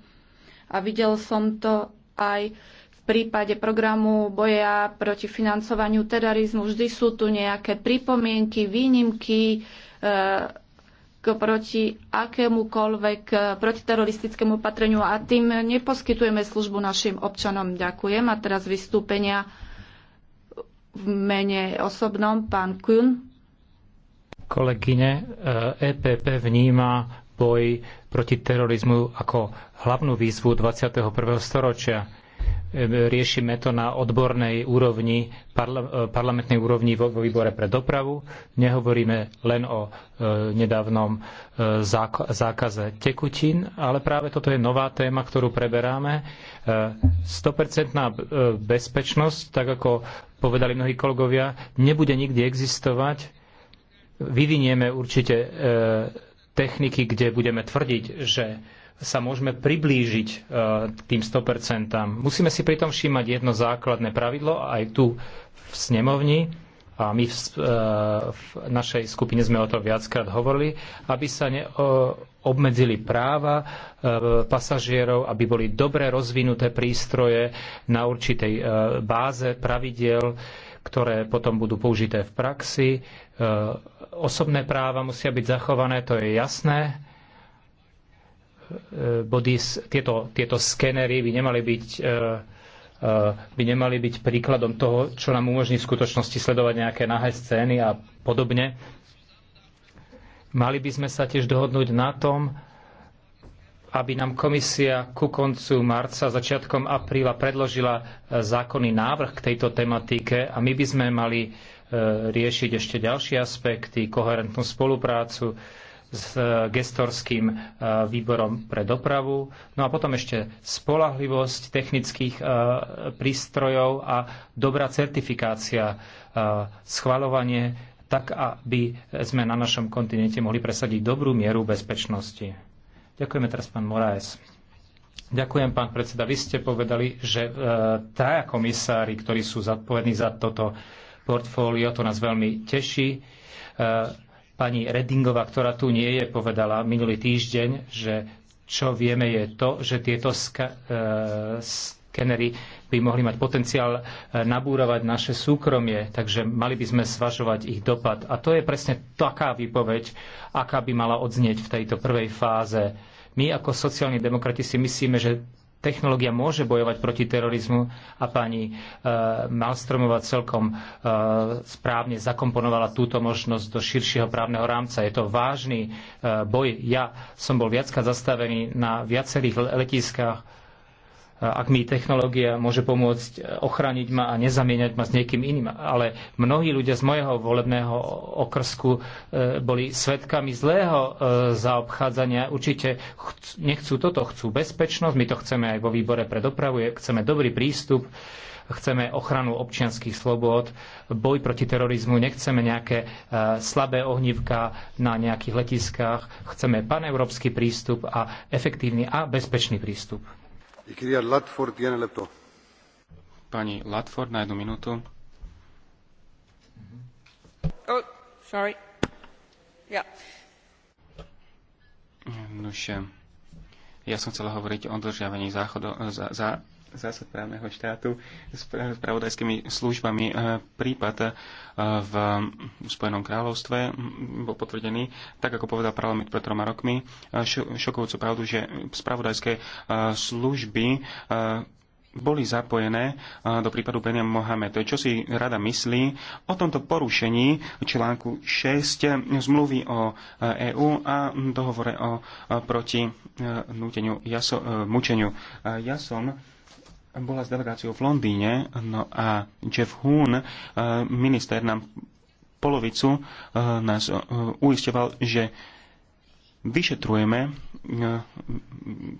A videl som to aj v prípade programu boja proti financovaniu terorizmu. Vždy sú tu nejaké pripomienky, výnimky, e proti akémukoľvek eh, protiteroristickému patreniu a tým neposkytujeme službu našim občanom. Ďakujem. A teraz vystúpenia v mene osobnom pán Kuhn. Kolegyne, EPP eh, e vníma boj proti terorizmu ako hlavnú výzvu 21. storočia riešime to na odbornej úrovni, parla, e, parlamentnej úrovni vo, vo výbore pre dopravu. Nehovoríme len o e, nedávnom e, záka, zákaze tekutín, ale práve toto je nová téma, ktorú preberáme. E, 100% e, bezpečnosť, tak ako povedali mnohí kolegovia, nebude nikdy existovať. Vyvinieme určite e, techniky, kde budeme tvrdiť, že sa môžeme priblížiť k e, tým 100%. Musíme si pritom všímať jedno základné pravidlo aj tu v snemovni, a my v, e, v našej skupine sme o to viackrát hovorili, aby sa ne, obmedzili práva e, pasažierov, aby boli dobre rozvinuté prístroje na určitej báze pravidel, ktoré potom budú použité v praxi. Osobné práva musia byť zachované, to je jasné E, body, tieto, tieto skenery by nemali byť e, e, by nemali byť príkladom toho, čo nám umožní v skutočnosti sledovať nejaké nahé scény a podobne. Mali by sme sa tiež dohodnúť na tom, aby nám komisia ku koncu marca, začiatkom apríla predložila zákonný návrh k tejto tematike a my by sme mali riešiť ešte ďalšie aspekty, koherentnú spoluprácu, s e, gestorským e, výborom pre dopravu. No a potom ešte spolahlivosť technických e, prístrojov a dobrá certifikácia, schvalovanie, tak aby sme na našom kontinente mohli presadiť dobrú mieru bezpečnosti. Ďakujeme teraz pán Moraes. Ďakujem, pán predseda. Vy ste povedali, že traja komisári, ktorí sú zodpovední za toto portfólio, to nás veľmi teší. Pani Redingová, ktorá tu nie je, povedala minulý týždeň, že čo vieme je to, že tieto ska- e, skenery by mohli mať potenciál e, nabúravať naše súkromie, takže mali by sme svažovať ich dopad. A to je presne taká výpoveď, aká by mala odznieť v tejto prvej fáze. My ako sociálni demokrati si myslíme, že technológia môže bojovať proti terorizmu a pani e, Malstromová celkom e, správne zakomponovala túto možnosť do širšieho právneho rámca. Je to vážny e, boj. Ja som bol viackrát zastavený na viacerých letiskách ak mi technológia môže pomôcť eh, ochrániť ma a nezamieňať ma s niekým iným. Ale mnohí ľudia z mojho volebného okrsku eh, boli svetkami zlého eh, zaobchádzania. Určite nechcú toto, chcú bezpečnosť. My to chceme aj vo výbore pre dopravu, chceme dobrý prístup chceme ochranu občianských slobod, boj proti terorizmu, nechceme nejaké slabé ohnívka na nejakých letiskách, chceme paneurópsky prístup a efektívny a bezpečný prístup. Pani Latford na jednu minútu. Oh, sorry. Yeah. Nože, ja som chcela hovoriť o dodržiavaní záchodo, za, za zásad právneho štátu s pravodajskými službami. E, prípad e, v Spojenom kráľovstve bol potvrdený, tak ako povedal parlament pred troma rokmi, e, šokujúcu pravdu, že spravodajské služby boli zapojené do prípadu Beniam Mohamed. Čo si rada myslí o tomto porušení článku 6 zmluvy o EÚ a dohovore o proti núteniu, jaso, mučeniu. Ja som bola s delegáciou v Londýne no a Jeff Hoon, e, minister, nám polovicu e, nás e, uistoval, že vyšetrujeme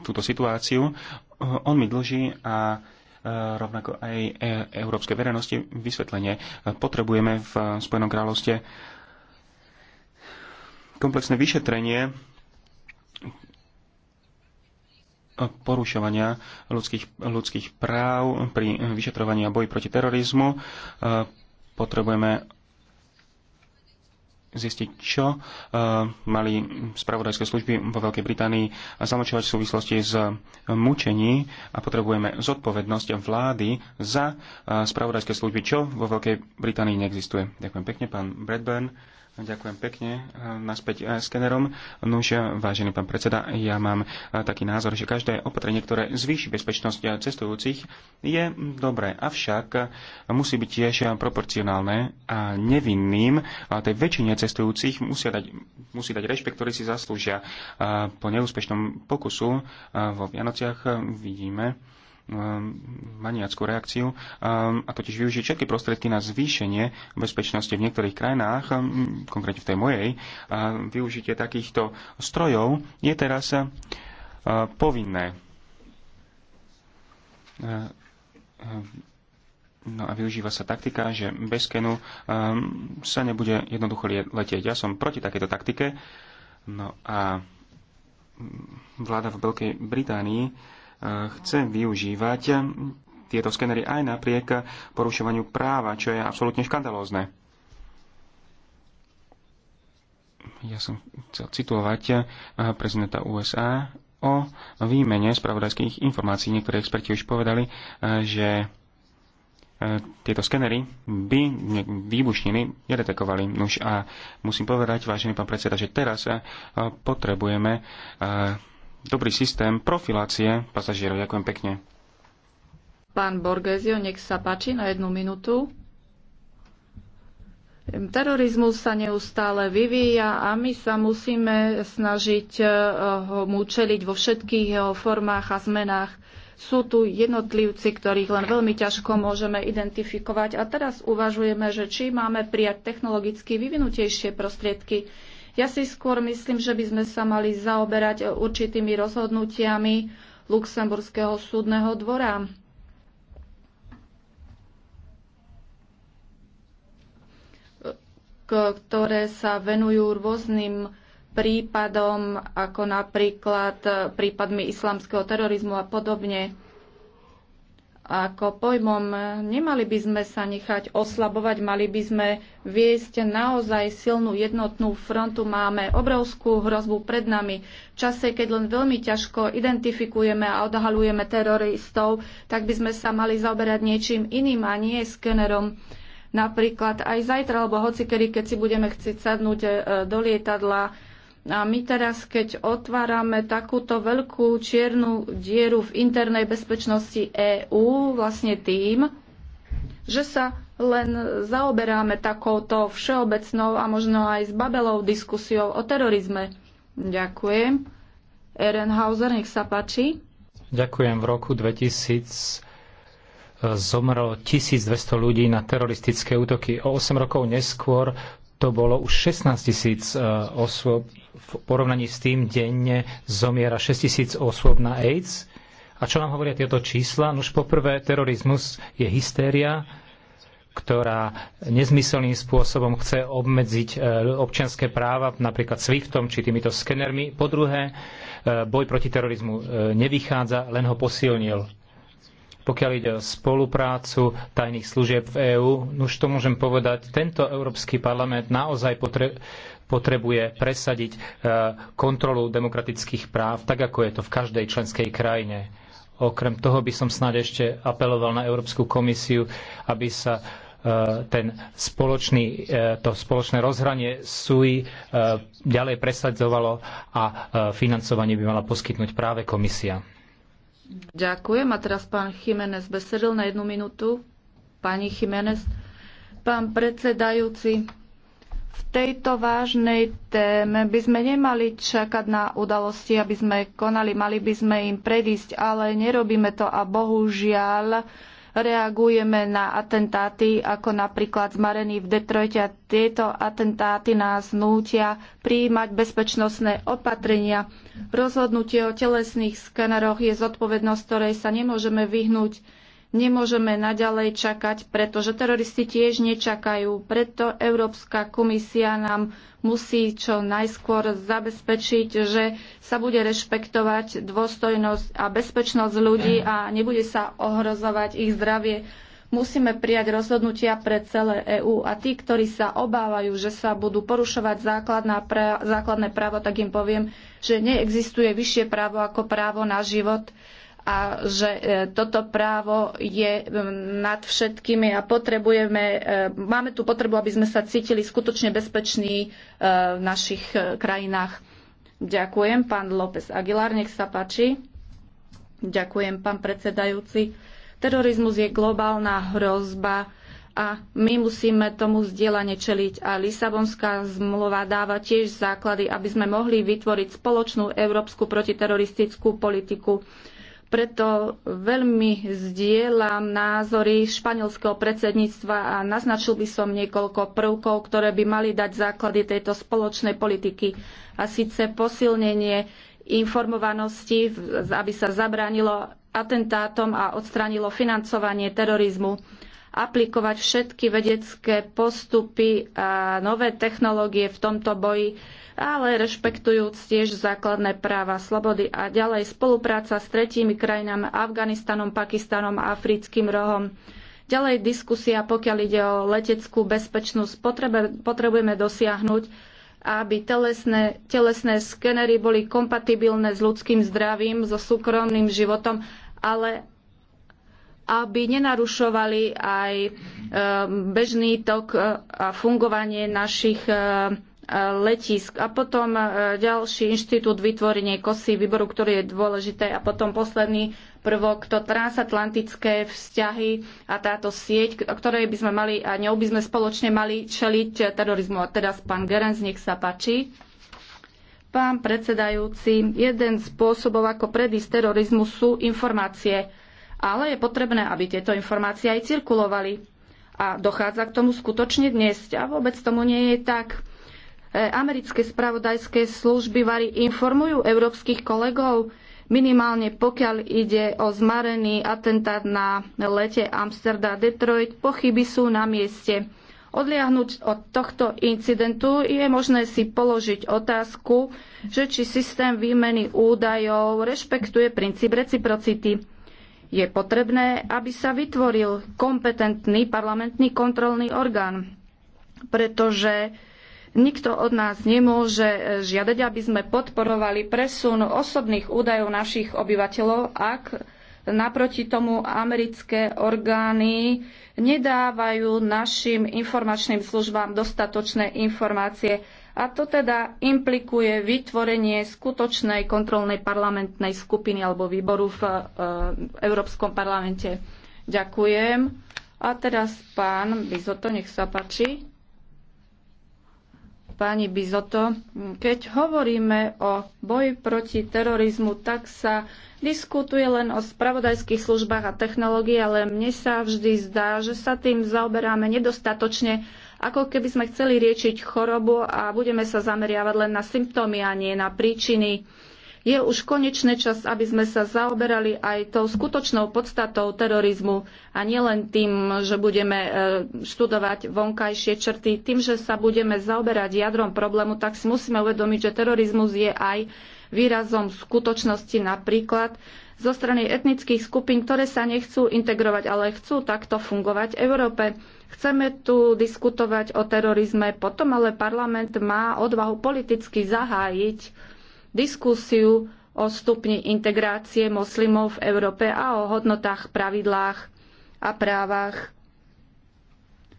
túto situáciu. On mi dlží a rovnako aj európskej verejnosti vysvetlenie. Potrebujeme v Spojenom kráľovstve komplexné vyšetrenie porušovania ľudských, ľudských práv pri vyšetrovaní a boji proti terorizmu. E, potrebujeme zistiť, čo e, mali spravodajské služby vo Veľkej Británii zamočovať v súvislosti s mučení a potrebujeme zodpovednosť vlády za e, spravodajské služby, čo vo Veľkej Británii neexistuje. Ďakujem pekne, pán Bradburn. Ďakujem pekne. E, naspäť e, skenerom. Nož, e, vážený pán predseda, ja mám taký názor, že každé opatrenie, ktoré zvýši bezpečnosť cestujúcich, je dobré. Avšak musí byť tiež proporcionálne a nevinným. A tej väčšine cestujúcich musia dať, musí dať rešpekt, ktorý si zaslúžia. Po neúspešnom pokusu vo Vianociach vidíme, Ehm, maniackú reakciu ehm, a totiž využiť všetky prostriedky na zvýšenie bezpečnosti v niektorých krajinách, ehm, konkrétne v tej mojej, využitie takýchto strojov je teraz povinné. No a využíva sa taktika, že bez skenu sa nebude jednoducho letieť. Ja som proti takéto taktike. No a mm, vláda v Veľkej Británii chce využívať um, tieto skenery aj napriek porušovaniu práva, čo je absolútne škandalózne. Ja som chcel citovať uh, prezidenta USA o výmene spravodajských informácií. Niektorí experti už povedali, uh, že uh, tieto skenery by výbušniny nedetekovali. Nuž a musím povedať, vážený pán predseda, že teraz potrebujeme dobrý systém profilácie pasažierov. Ďakujem pekne. Pán Borgesio, nech sa páči na jednu minútu. Terorizmus sa neustále vyvíja a my sa musíme snažiť eh, ho mučeliť vo všetkých jeho formách a zmenách. Sú tu jednotlivci, ktorých len veľmi ťažko môžeme identifikovať a teraz uvažujeme, že či máme prijať technologicky vyvinutejšie prostriedky, ja si skôr myslím, že by sme sa mali zaoberať určitými rozhodnutiami Luxemburského súdneho dvora. ktoré sa venujú rôznym prípadom, ako napríklad prípadmi islamského terorizmu a podobne ako pojmom. Nemali by sme sa nechať oslabovať, mali by sme viesť naozaj silnú jednotnú frontu. Máme obrovskú hrozbu pred nami. V čase, keď len veľmi ťažko identifikujeme a odhalujeme teroristov, tak by sme sa mali zaoberať niečím iným a nie skenerom. Napríklad aj zajtra, alebo hocikedy, keď si budeme chcieť sadnúť e, do lietadla, a my teraz, keď otvárame takúto veľkú čiernu dieru v internej bezpečnosti EÚ, vlastne tým, že sa len zaoberáme takouto všeobecnou a možno aj s babelou diskusiou o terorizme. Ďakujem. Ehrenhauser, nech sa páči. Ďakujem. V roku 2000 zomrlo 1200 ľudí na teroristické útoky. O 8 rokov neskôr to bolo už 16 tisíc e, osôb. V porovnaní s tým denne zomiera 6 tisíc osôb na AIDS. A čo nám hovoria tieto čísla? Nuž poprvé, terorizmus je hystéria, ktorá nezmyselným spôsobom chce obmedziť e, občianské práva, napríklad SWIFTom či týmito skenermi. Po druhé, e, boj proti terorizmu nevychádza, len ho posilnil pokiaľ ide o spoluprácu tajných služieb v EÚ, no už to môžem povedať, tento Európsky parlament naozaj potre- potrebuje presadiť e, kontrolu demokratických práv, tak ako je to v každej členskej krajine. Okrem toho by som snáď ešte apeloval na Európsku komisiu, aby sa e, ten spoločný, e, to spoločné rozhranie SUI ďalej presadzovalo a financovanie by mala poskytnúť práve komisia. Ďakujem. A teraz pán Jiménez Besedil na jednu minútu. Pani Jiménez. Pán predsedajúci, v tejto vážnej téme by sme nemali čakať na udalosti, aby sme konali, mali by sme im predísť, ale nerobíme to a bohužiaľ reagujeme na atentáty, ako napríklad zmarený v Detroite. A tieto atentáty nás nútia prijímať bezpečnostné opatrenia. Rozhodnutie o telesných skeneroch je zodpovednosť, ktorej sa nemôžeme vyhnúť Nemôžeme naďalej čakať, pretože teroristi tiež nečakajú. Preto Európska komisia nám musí čo najskôr zabezpečiť, že sa bude rešpektovať dôstojnosť a bezpečnosť ľudí a nebude sa ohrozovať ich zdravie. Musíme prijať rozhodnutia pre celé EÚ a tí, ktorí sa obávajú, že sa budú porušovať základné právo, tak im poviem, že neexistuje vyššie právo ako právo na život a že e, toto právo je nad všetkými a potrebujeme, e, máme tu potrebu, aby sme sa cítili skutočne bezpeční e, v našich krajinách. Ďakujem, pán López Aguilar, nech sa páči. Ďakujem, pán predsedajúci. Terorizmus je globálna hrozba a my musíme tomu vzdielanie čeliť a Lisabonská zmluva dáva tiež základy, aby sme mohli vytvoriť spoločnú európsku protiteroristickú politiku preto veľmi zdieľam názory španielského predsedníctva a naznačil by som niekoľko prvkov, ktoré by mali dať základy tejto spoločnej politiky a síce posilnenie informovanosti, aby sa zabránilo atentátom a odstránilo financovanie terorizmu, aplikovať všetky vedecké postupy a nové technológie v tomto boji, ale rešpektujúc tiež základné práva, slobody a ďalej spolupráca s tretími krajinami Afganistanom, Pakistanom a Africkým rohom. Ďalej diskusia, pokiaľ ide o leteckú bezpečnosť, potrebujeme dosiahnuť, aby telesné, telesné skenery boli kompatibilné s ľudským zdravím, so súkromným životom, ale aby nenarušovali aj eh, bežný tok eh, a fungovanie našich eh, letisk A potom e, ďalší inštitút vytvorenie kosy výboru, ktorý je dôležité. A potom posledný prvok, to transatlantické vzťahy a táto sieť, ktorej by sme mali a ňou by sme spoločne mali čeliť terorizmu. A teraz pán Gerenc, nech sa páči. Pán predsedajúci, jeden spôsobov, ako predísť terorizmu, sú informácie. Ale je potrebné, aby tieto informácie aj cirkulovali. A dochádza k tomu skutočne dnes. A vôbec tomu nie je tak E, americké spravodajské služby vary informujú európskych kolegov, minimálne pokiaľ ide o zmarený atentát na lete Amsterdam-Detroit, pochyby sú na mieste. Odliahnuť od tohto incidentu je možné si položiť otázku, že či systém výmeny údajov rešpektuje princíp reciprocity. Je potrebné, aby sa vytvoril kompetentný parlamentný kontrolný orgán, pretože Nikto od nás nemôže e, žiadať, aby sme podporovali presun osobných údajov našich obyvateľov, ak naproti tomu americké orgány nedávajú našim informačným službám dostatočné informácie. A to teda implikuje vytvorenie skutočnej kontrolnej parlamentnej skupiny alebo výboru v e, Európskom parlamente. Ďakujem. A teraz pán Bizoto, nech sa páči pani Bizoto, keď hovoríme o boji proti terorizmu, tak sa diskutuje len o spravodajských službách a technológii, ale mne sa vždy zdá, že sa tým zaoberáme nedostatočne, ako keby sme chceli riešiť chorobu a budeme sa zameriavať len na symptómy a nie na príčiny. Je už konečný čas, aby sme sa zaoberali aj tou skutočnou podstatou terorizmu a nielen tým, že budeme e, študovať vonkajšie črty. Tým, že sa budeme zaoberať jadrom problému, tak si musíme uvedomiť, že terorizmus je aj výrazom skutočnosti napríklad zo strany etnických skupín, ktoré sa nechcú integrovať, ale chcú takto fungovať v Európe. Chceme tu diskutovať o terorizme, potom ale parlament má odvahu politicky zahájiť diskusiu o stupni integrácie moslimov v Európe a o hodnotách, pravidlách a právach,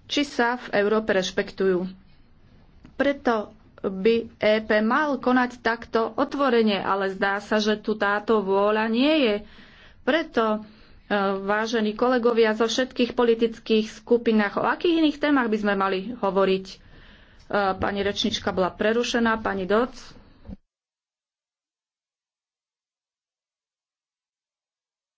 či sa v Európe rešpektujú. Preto by EP mal konať takto otvorenie, ale zdá sa, že tu táto vôľa nie je. Preto e, vážení kolegovia zo všetkých politických skupinách, o akých iných témach by sme mali hovoriť? E, pani rečnička bola prerušená, pani Doc.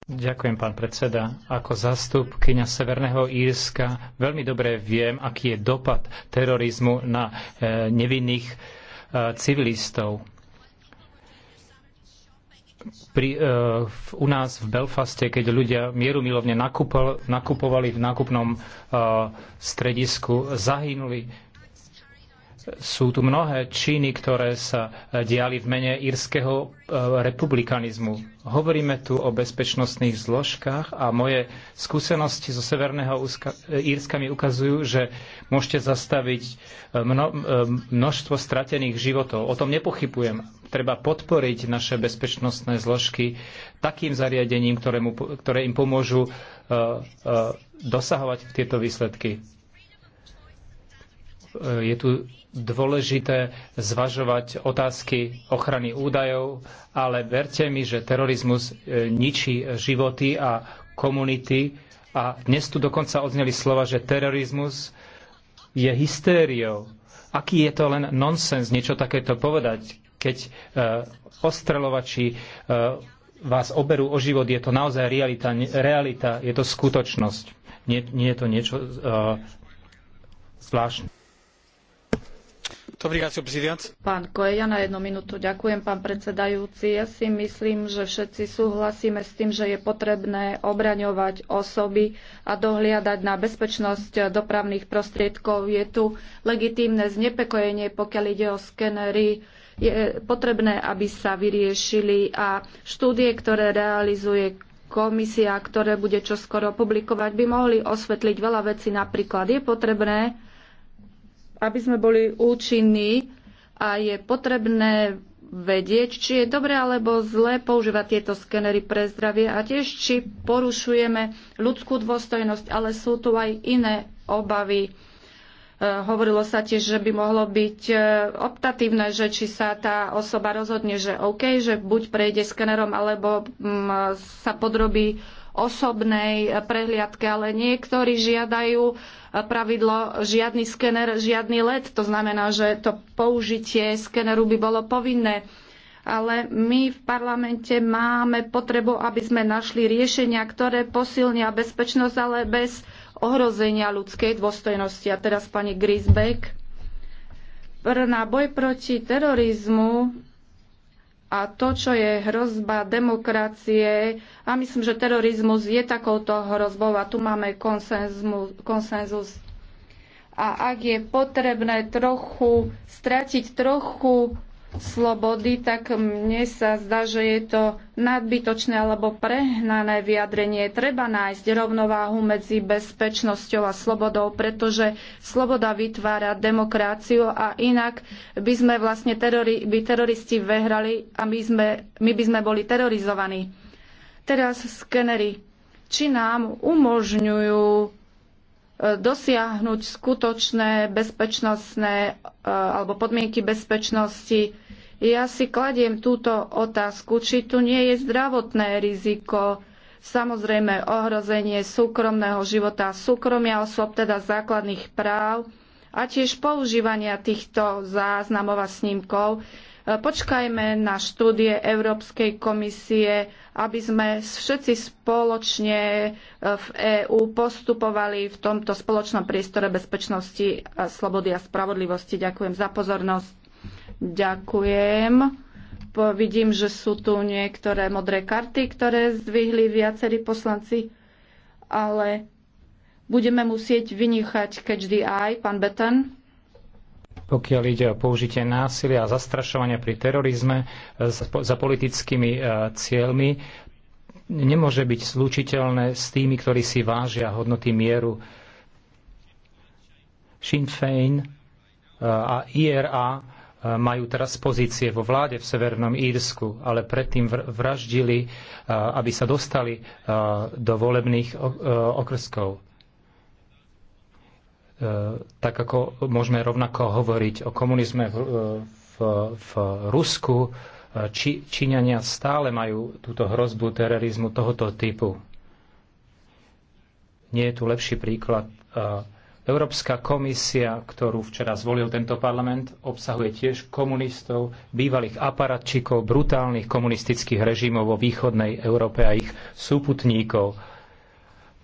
Ďakujem, pán predseda. Ako zastupkyňa Severného Írska veľmi dobre viem, aký je dopad terorizmu na e, nevinných e, civilistov. Pri, e, v, u nás v Belfaste, keď ľudia mierumilovne nakupovali v nákupnom stredisku, zahynuli sú tu mnohé činy, ktoré sa diali v mene írskeho e, republikanizmu. Hovoríme tu o bezpečnostných zložkách a moje skúsenosti zo Severného Írska mi ukazujú, že môžete zastaviť e, mno, e, množstvo stratených životov. O tom nepochybujem. Treba podporiť naše bezpečnostné zložky takým zariadením, ktoré, mu, ktoré im pomôžu dosahovať tieto výsledky je tu dôležité zvažovať otázky ochrany údajov, ale verte mi, že terorizmus e, ničí životy a komunity. A dnes tu dokonca odzneli slova, že terorizmus je hystériou. Aký je to len nonsens niečo takéto povedať, keď e, ostrelovači e, vás oberú o život, je to naozaj realita, realita je to skutočnosť. Nie, nie je to niečo uh, zvláštne. Pán Koja, na jednu minútu. Ďakujem, pán predsedajúci. Ja si myslím, že všetci súhlasíme s tým, že je potrebné obraňovať osoby a dohliadať na bezpečnosť dopravných prostriedkov. Je tu legitímne znepokojenie, pokiaľ ide o skenery. Je potrebné, aby sa vyriešili a štúdie, ktoré realizuje komisia, ktoré bude čoskoro publikovať, by mohli osvetliť veľa vecí. Napríklad je potrebné, aby sme boli účinní a je potrebné vedieť, či je dobre alebo zlé používať tieto skenery pre zdravie a tiež, či porušujeme ľudskú dôstojnosť, ale sú tu aj iné obavy. E, hovorilo sa tiež, že by mohlo byť e, optatívne, že či sa tá osoba rozhodne, že OK, že buď prejde skenerom, alebo m, mm, sa podrobí osobnej prehliadke, ale niektorí žiadajú e, pravidlo žiadny skener, žiadny let. To znamená, že to použitie skeneru by bolo povinné. Ale my v parlamente máme potrebu, aby sme našli riešenia, ktoré posilnia bezpečnosť, ale bez ohrozenia ľudskej dôstojnosti. A teraz pani Grisbeck. Na boj proti terorizmu a to, čo je hrozba demokracie a myslím, že terorizmus je takouto hrozbou a tu máme konsenzus. A ak je potrebné trochu stratiť trochu slobody, tak mne sa zdá, že je to nadbytočné alebo prehnané vyjadrenie. Treba nájsť rovnováhu medzi bezpečnosťou a slobodou, pretože sloboda vytvára demokráciu a inak by sme vlastne terori, by teroristi vehrali a my, sme, my by sme boli terorizovaní. Teraz skenery. Či nám umožňujú dosiahnuť skutočné bezpečnostné e, alebo podmienky bezpečnosti. Ja si kladiem túto otázku, či tu nie je zdravotné riziko, samozrejme ohrozenie súkromného života, súkromia osôb, teda základných práv a tiež používania týchto záznamov a snímkov. E, počkajme na štúdie Európskej komisie aby sme všetci spoločne e, v EÚ postupovali v tomto spoločnom priestore bezpečnosti, a slobody a spravodlivosti. Ďakujem za pozornosť. Ďakujem. Po, vidím, že sú tu niektoré modré karty, ktoré zdvihli viacerí poslanci, ale budeme musieť vynichať catch the eye, pán Betan pokiaľ ide o použitie násilia a zastrašovania pri terorizme e, za politickými e, cieľmi, nemôže byť slučiteľné s tými, ktorí si vážia hodnoty mieru. Sinn Féin e, a IRA majú teraz pozície vo vláde v Severnom Írsku, ale predtým vraždili, aby sa dostali do volebných okrskov. E, tak ako môžeme rovnako hovoriť o komunizme v, e, v, v Rusku, e, či, Číňania stále majú túto hrozbu terorizmu tohoto typu. Nie je tu lepší príklad. Európska komisia, ktorú včera zvolil tento parlament, obsahuje tiež komunistov, bývalých aparatčikov, brutálnych komunistických režimov vo východnej Európe a ich súputníkov.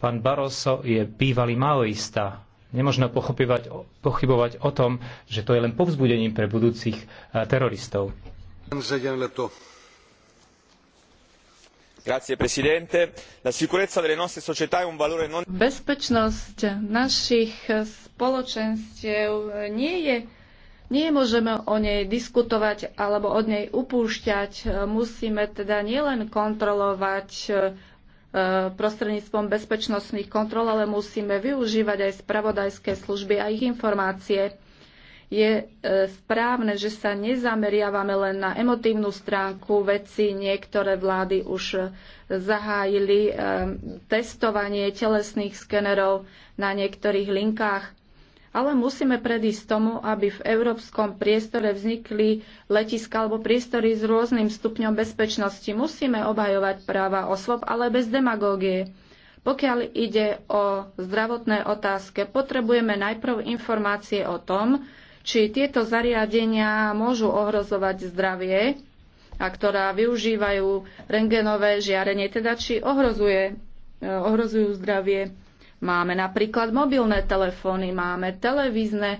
Pán Barroso je bývalý maoista, Nemožno pochybovať o tom, že to je len povzbudením pre budúcich e, teroristov. Bezpečnosť našich e, spoločenstiev nie je nie môžeme o nej diskutovať alebo od nej upúšťať. E, musíme teda nielen kontrolovať prostredníctvom bezpečnostných kontrol, ale musíme využívať aj spravodajské služby a ich informácie. Je e, správne, že sa nezameriavame len na emotívnu stránku veci. Niektoré vlády už e, zahájili e, testovanie telesných skenerov na niektorých linkách ale musíme predísť tomu, aby v európskom priestore vznikli letiska alebo priestory s rôznym stupňom bezpečnosti. Musíme obhajovať práva osôb, ale bez demagógie. Pokiaľ ide o zdravotné otázke, potrebujeme najprv informácie o tom, či tieto zariadenia môžu ohrozovať zdravie a ktorá využívajú rengenové žiarenie, teda či ohrozuje, eh, ohrozujú zdravie Máme napríklad mobilné telefóny, máme televízne e,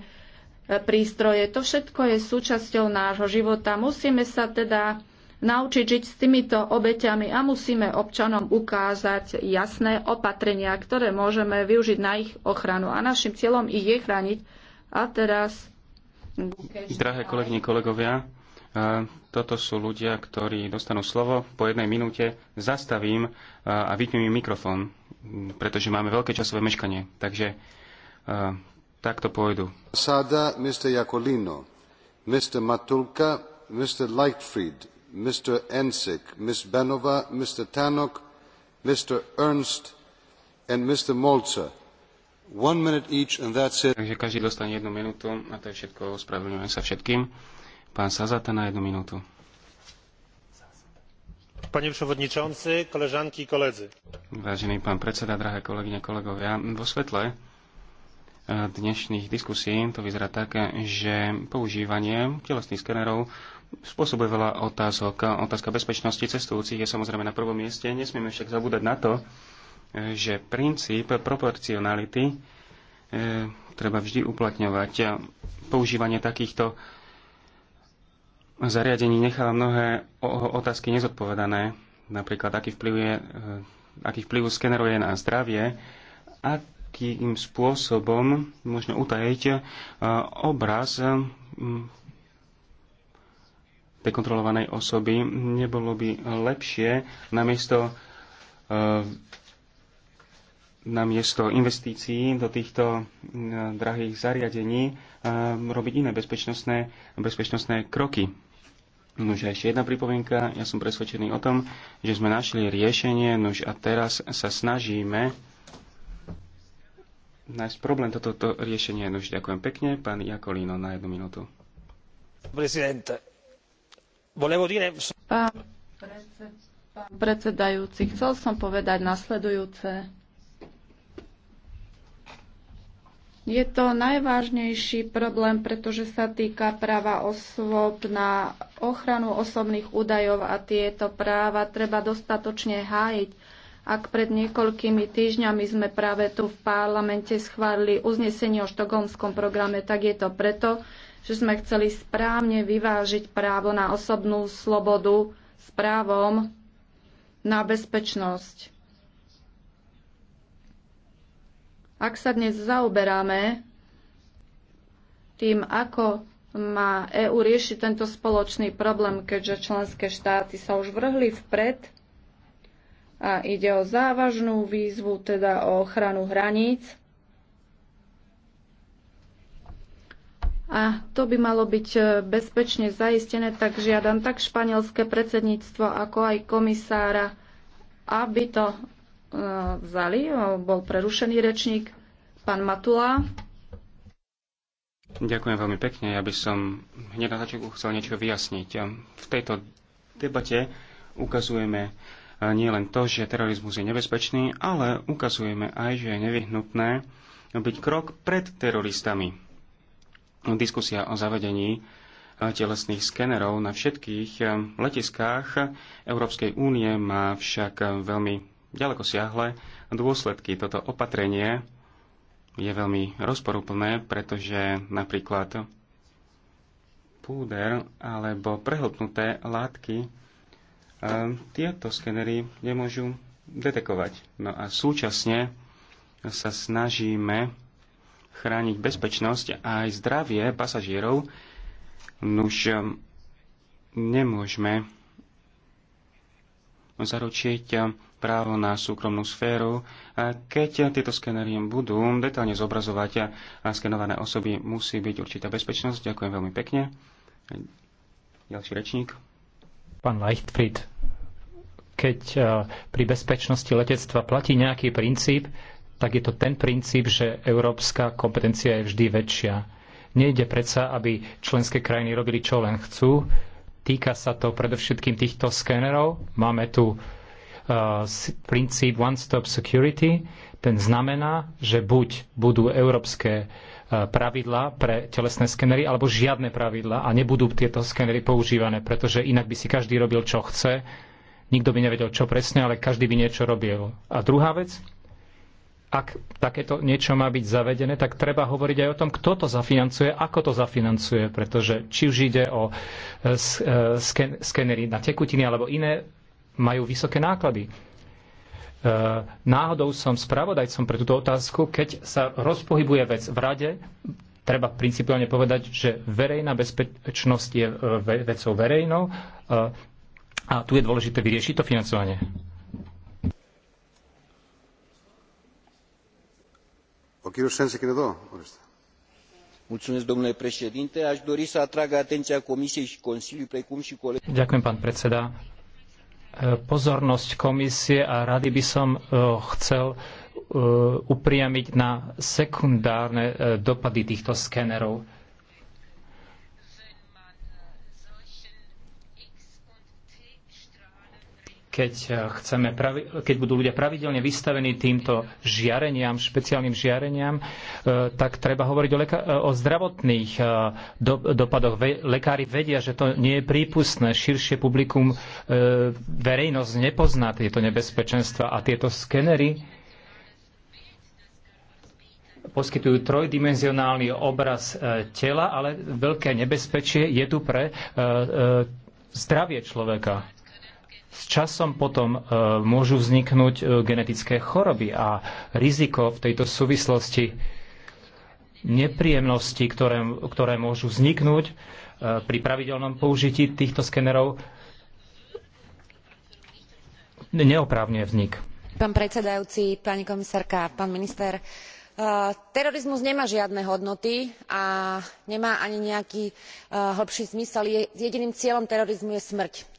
prístroje. To všetko je súčasťou nášho života. Musíme sa teda naučiť žiť s týmito obeťami a musíme občanom ukázať jasné opatrenia, ktoré môžeme využiť na ich ochranu. A našim cieľom ich je chrániť. A teraz... Drahé kolegyne, kolegovia, toto sú ľudia, ktorí dostanú slovo. Po jednej minúte zastavím a vypnem im mikrofón, pretože máme veľké časové meškanie. Takže takto pôjdu. Sada, Mr. Jakolino, Mr. Matulka, Mr. Lightfried, Mr. Ensik, Ms. Benova, Mr. Tanok, Mr. Ernst and Mr. Molzer. One minute each and that's it. Takže každý dostane jednu minútu a to je všetko. Ospravedlňujem sa všetkým. Pán Sazata na jednu minútu. Panie przewodniczący, koleżanki i koledzy. Vážený pán predseda, drahé kolegyne, kolegovia, vo svetle eh, dnešných diskusí to vyzerá tak, že používanie telesných skenerov spôsobuje veľa otázok. Otázka bezpečnosti cestujúcich je samozrejme na prvom mieste. Nesmieme však zabúdať na to, že princíp proporcionality eh, treba vždy uplatňovať. Používanie takýchto zariadení nechala mnohé otázky nezodpovedané. Napríklad, aký vplyv, je, eh, aký vplyv skeneruje na zdravie, akým spôsobom možno utajiť eh, obraz hm, tej kontrolovanej osoby. Nebolo by lepšie namiesto eh, namiesto investícií do týchto hm, drahých zariadení robiť iné bezpečnostné, bezpečnostné kroky. Nož a ešte jedna pripomienka. Ja som presvedčený o tom, že sme našli riešenie, nož a teraz sa snažíme nájsť problém toto to riešenie. Nož, ďakujem pekne, pán Jakolíno, na jednu minútu. Pán, pán predsedajúci, chcel som povedať nasledujúce. Je to najvážnejší problém, pretože sa týka práva osôb na ochranu osobných údajov a tieto práva treba dostatočne hájiť. Ak pred niekoľkými týždňami sme práve tu v parlamente schválili uznesenie o štokholmskom programe, tak je to preto, že sme chceli správne vyvážiť právo na osobnú slobodu s právom na bezpečnosť. Ak sa dnes zaoberáme tým, ako má EÚ riešiť tento spoločný problém, keďže členské štáty sa už vrhli vpred a ide o závažnú výzvu, teda o ochranu hraníc. A to by malo byť e, bezpečne zaistené, tak žiadam tak španielské predsedníctvo, ako aj komisára, aby to vzali. Bol prerušený rečník pán Matula. Ďakujem veľmi pekne. Ja by som hneď na začiatku chcel niečo vyjasniť. V tejto debate ukazujeme eh, nie len to, že terorizmus je nebezpečný, ale ukazujeme aj, že je nevyhnutné byť krok pred teroristami. Diskusia o zavedení eh, telesných skenerov na všetkých eh, letiskách Európskej únie má však veľmi ďaleko siahle dôsledky. Toto opatrenie je veľmi rozporúplné, pretože napríklad púder alebo prehltnuté látky e, tieto skenery nemôžu detekovať. No a súčasne sa snažíme chrániť bezpečnosť a aj zdravie pasažierov. Nuž e, nemôžeme zaručiť e, právo na súkromnú sféru. Keď tieto skenery budú detálne zobrazovať a skenované osoby, musí byť určitá bezpečnosť. Ďakujem veľmi pekne. Ďalší rečník. Pán Leichtfried, keď e, pri bezpečnosti letectva platí nejaký princíp, tak je to ten princíp, že európska kompetencia je vždy väčšia. Nejde predsa, aby členské krajiny robili, čo len chcú. Týka sa to predovšetkým týchto skénerov. Máme tu Eh, princíp one-stop security. Ten znamená, že buď budú európske eh, pravidlá pre telesné skenery alebo žiadne pravidlá a nebudú tieto skenery používané, pretože inak by si každý robil, čo chce. Nikto by nevedel, čo presne, ale každý by niečo robil. A druhá vec, ak takéto niečo má byť zavedené, tak treba hovoriť aj o tom, kto to zafinancuje, ako to zafinancuje, pretože či už ide o eh, skenery na tekutiny alebo iné majú vysoké náklady. E, náhodou som spravodajcom pre túto otázku, keď sa rozpohybuje vec v rade, treba principiálne povedať, že verejná bezpečnosť je e, vecou verejnou e, a tu je dôležité vyriešiť to financovanie. Ďakujem, pán predseda pozornosť komisie a rady by som e, chcel e, upriamiť na sekundárne e, dopady týchto skénerov keď, eh, chceme pravi, keď budú ľudia pravidelne vystavení týmto žiareniam, špeciálnym žiareniam, eh, tak treba hovoriť o, leka- eh, o zdravotných do- dopadoch. lekári vedia, že to nie je prípustné. Širšie publikum, verejnosť nepozná tieto nebezpečenstva a tieto skenery poskytujú trojdimenzionálny obraz tela, ale veľké nebezpečie je tu pre zdravie človeka s časom potom e, môžu vzniknúť e, genetické choroby a riziko v tejto súvislosti nepríjemnosti, ktoré, ktoré môžu vzniknúť e, pri pravidelnom použití týchto skenerov, neoprávne vznik. Pán predsedajúci, pani komisárka, pán minister, terorizmus nemá žiadne hodnoty a nemá ani nejaký hlbší zmysel jediným cieľom terorizmu je smrť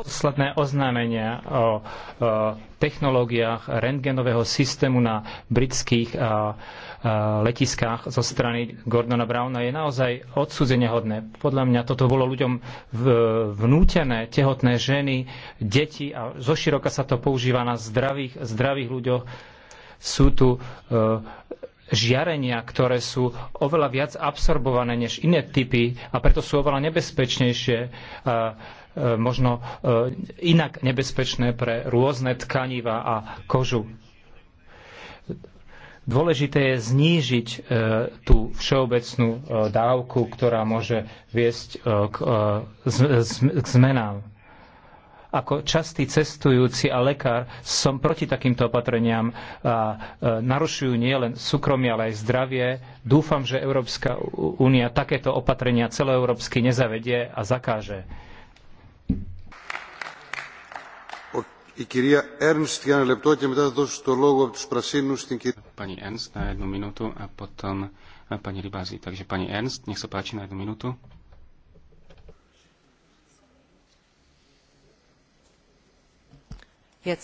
Posledné oznámenia o, technológiách rentgenového systému na britských letiskách zo strany Gordona Browna je naozaj odsúdenia Podľa mňa toto bolo ľuďom vnútené, tehotné ženy, deti a zoširoka sa to používa na zdravých, zdravých ľuďoch. Sú tu e, žiarenia, ktoré sú oveľa viac absorbované než iné typy a preto sú oveľa nebezpečnejšie, e, e, možno e, inak nebezpečné pre rôzne tkaniva a kožu. Dôležité je znížiť tú všeobecnú dávku, ktorá môže viesť k zmenám ako častý cestujúci a lekár som proti takýmto opatreniam a narušujú nielen súkromie, ale aj zdravie. Dúfam, že Európska únia takéto opatrenia celoeurópsky nezavedie a zakáže. Pani Ernst na jednu minútu a potom pani Rybázi. Takže pani Ernst, nech sa páči na jednu minútu. Ehm,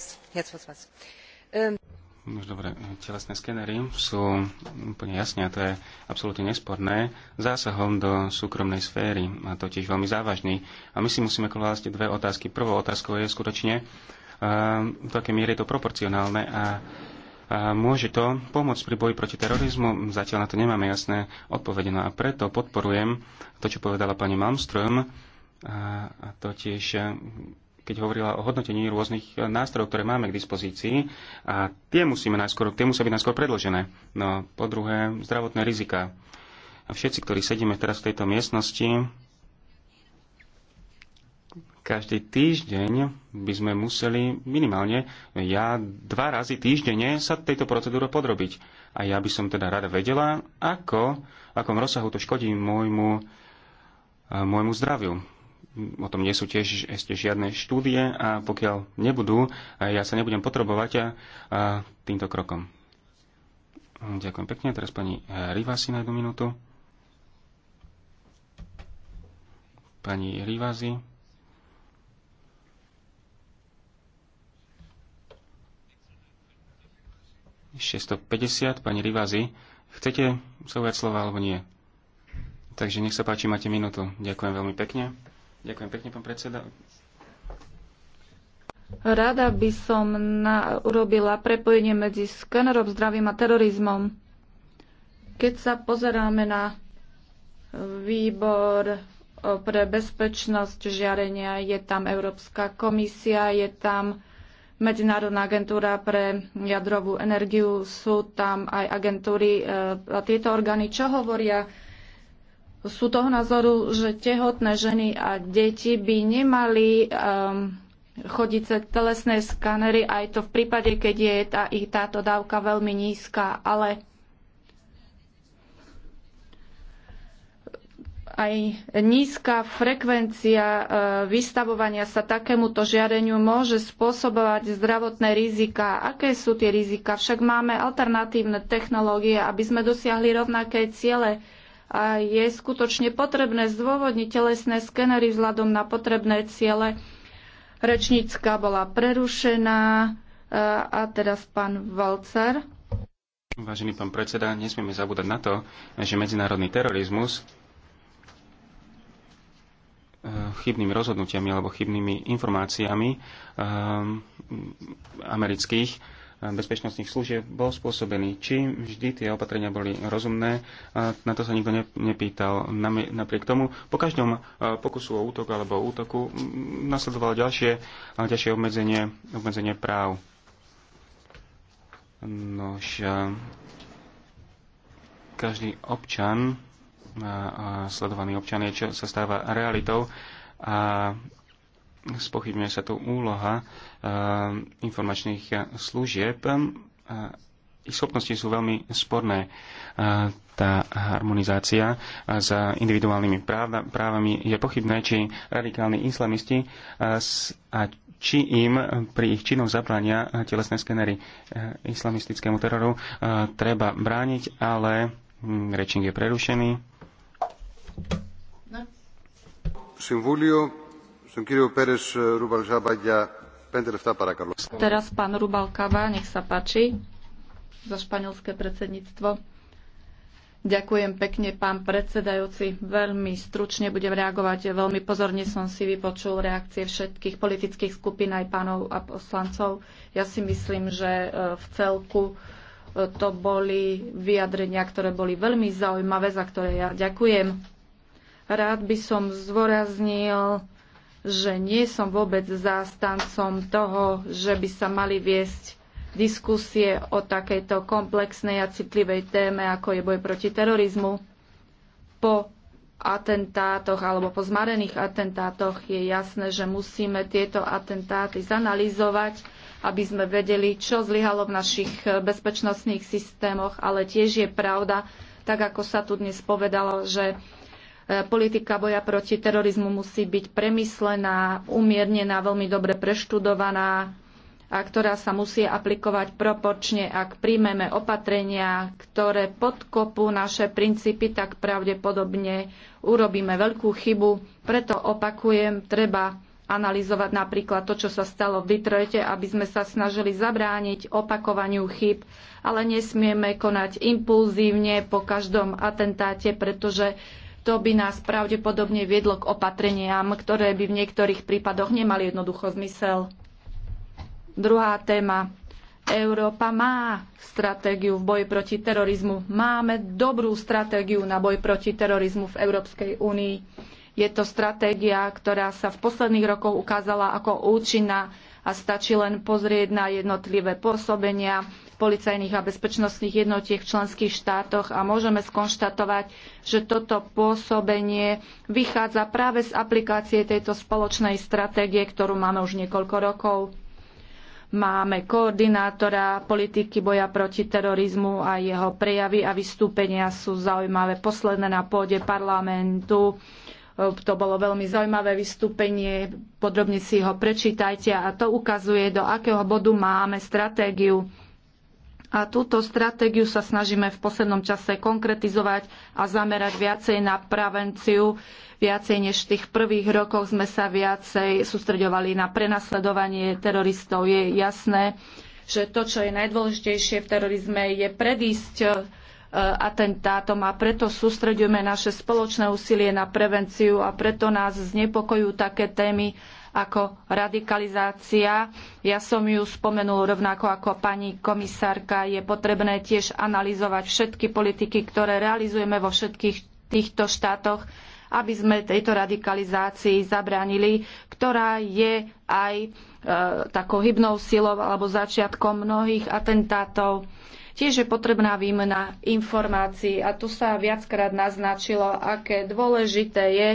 Už dobre, telesné skenery sú úplne jasne, a to je absolútne nesporné, zásahom do súkromnej sféry, a to tiež veľmi závažný. A my si musíme klásť dve otázky. Prvou otázkou je skutočne, v ehm, akej miere je to proporcionálne a, a môže to pomôcť pri boji proti terorizmu? Zatiaľ na to nemáme jasné odpovede. No a preto podporujem to, čo povedala pani Malmström, a, a to tiež keď hovorila o hodnotení rôznych eh, nástrojov, ktoré máme k dispozícii a tie, musíme najskôr, tie musia byť najskôr predložené. No, po druhé, zdravotné rizika. A všetci, ktorí sedíme teraz v tejto miestnosti, každý týždeň by sme museli minimálne, ja dva razy týždenne sa tejto procedúre podrobiť. A ja by som teda rada vedela, ako, akom rozsahu to škodí môjmu, eh, môjmu zdraviu o tom nie sú tiež ešte žiadne štúdie a pokiaľ nebudú, ja sa nebudem potrebovať a týmto krokom. Ďakujem pekne. Teraz pani Rivasi na jednu minútu. Pani rivazi. ...650, pani Rivazi. Chcete sa ujať slova alebo nie? Takže nech sa páči, máte minútu. Ďakujem veľmi pekne. Ďakujem pekne, pán predseda. Rada by som na, urobila prepojenie medzi skenerom zdravím a terorizmom. Keď sa pozeráme na výbor eh, pre bezpečnosť žiarenia, je tam Európska komisia, je tam Medzinárodná agentúra pre jadrovú energiu, sú tam aj agentúry eh, a tieto orgány, čo hovoria sú toho názoru, že tehotné ženy a deti by nemali um, chodiť cez telesné skanery, aj to v prípade, keď je tá, ich táto dávka veľmi nízka, ale aj nízka frekvencia uh, vystavovania sa takémuto žiareniu môže spôsobovať zdravotné rizika. Aké sú tie rizika? Však máme alternatívne technológie, aby sme dosiahli rovnaké ciele a je skutočne potrebné zdôvodniť telesné skenery vzhľadom na potrebné ciele. Rečnícka bola prerušená e, a teraz pán Valcer. Vážený pán predseda, nesmieme zabúdať na to, že medzinárodný terorizmus e, chybnými rozhodnutiami alebo chybnými informáciami e, amerických bezpečnostných služieb bol spôsobený. Či vždy tie opatrenia boli rozumné, na to sa nikto nepýtal. Napriek tomu, po každom pokusu o útok alebo útoku nasledovalo ďalšie, ďalšie obmedzenie, obmedzenie práv. Nož, každý občan, sledovaný občan je, čo sa stáva realitou a spochybňuje sa tu úloha eh, informačných služieb. Eh, ich schopnosti sú veľmi sporné. Eh, tá harmonizácia s individuálnymi právami je pochybné, či radikálni islamisti a či im pri ich činoch zabrania telesné skenery islamistickému teroru treba brániť, ale hm, rečing je prerušený. No. Teraz pán Rubalkava, nech sa páči, za španielske predsedníctvo. Ďakujem pekne, pán predsedajúci. Veľmi stručne budem reagovať. Veľmi pozorne som si vypočul reakcie všetkých politických skupín, aj pánov a poslancov. Ja si myslím, že e, v celku e, to boli vyjadrenia, ktoré boli veľmi zaujímavé, za ktoré ja ďakujem. Rád by som zdôraznil že nie som vôbec zástancom toho, že by sa mali viesť diskusie o takejto komplexnej a citlivej téme, ako je boj proti terorizmu. Po atentátoch alebo po zmarených atentátoch je jasné, že musíme tieto atentáty zanalizovať, aby sme vedeli, čo zlyhalo v našich bezpečnostných systémoch, ale tiež je pravda, tak ako sa tu dnes povedalo, že politika boja proti terorizmu musí byť premyslená, umiernená, veľmi dobre preštudovaná a ktorá sa musí aplikovať proporčne, ak príjmeme opatrenia, ktoré podkopú naše princípy, tak pravdepodobne urobíme veľkú chybu. Preto opakujem, treba analyzovať napríklad to, čo sa stalo v Detroite, aby sme sa snažili zabrániť opakovaniu chyb, ale nesmieme konať impulzívne po každom atentáte, pretože to by nás pravdepodobne viedlo k opatreniam, ktoré by v niektorých prípadoch nemali jednoducho zmysel. Druhá téma. Európa má stratégiu v boji proti terorizmu. Máme dobrú stratégiu na boj proti terorizmu v Európskej únii. Je to stratégia, ktorá sa v posledných rokoch ukázala ako účinná a stačí len pozrieť na jednotlivé pôsobenia, policajných a bezpečnostných jednotiek v členských štátoch a môžeme skonštatovať, že toto pôsobenie vychádza práve z aplikácie tejto spoločnej stratégie, ktorú máme už niekoľko rokov. Máme koordinátora politiky boja proti terorizmu a jeho prejavy a vystúpenia sú zaujímavé. Posledné na pôde parlamentu eh, to bolo veľmi zaujímavé vystúpenie, podrobne si ho prečítajte a to ukazuje, do akého bodu máme stratégiu a túto stratégiu sa snažíme v poslednom čase konkretizovať a zamerať viacej na prevenciu. Viacej než v tých prvých rokoch sme sa viacej sústreďovali na prenasledovanie teroristov. Je jasné, že to, čo je najdôležitejšie v terorizme, je predísť e, atentátom a preto sústreďujeme naše spoločné úsilie na prevenciu a preto nás znepokojujú také témy ako radikalizácia. Ja som ju spomenul rovnako ako pani komisárka. Je potrebné tiež analyzovať všetky politiky, ktoré realizujeme vo všetkých týchto štátoch, aby sme tejto radikalizácii zabránili, ktorá je aj e, takou hybnou silou alebo začiatkom mnohých atentátov. Tiež je potrebná výmena informácií a tu sa viackrát naznačilo, aké dôležité je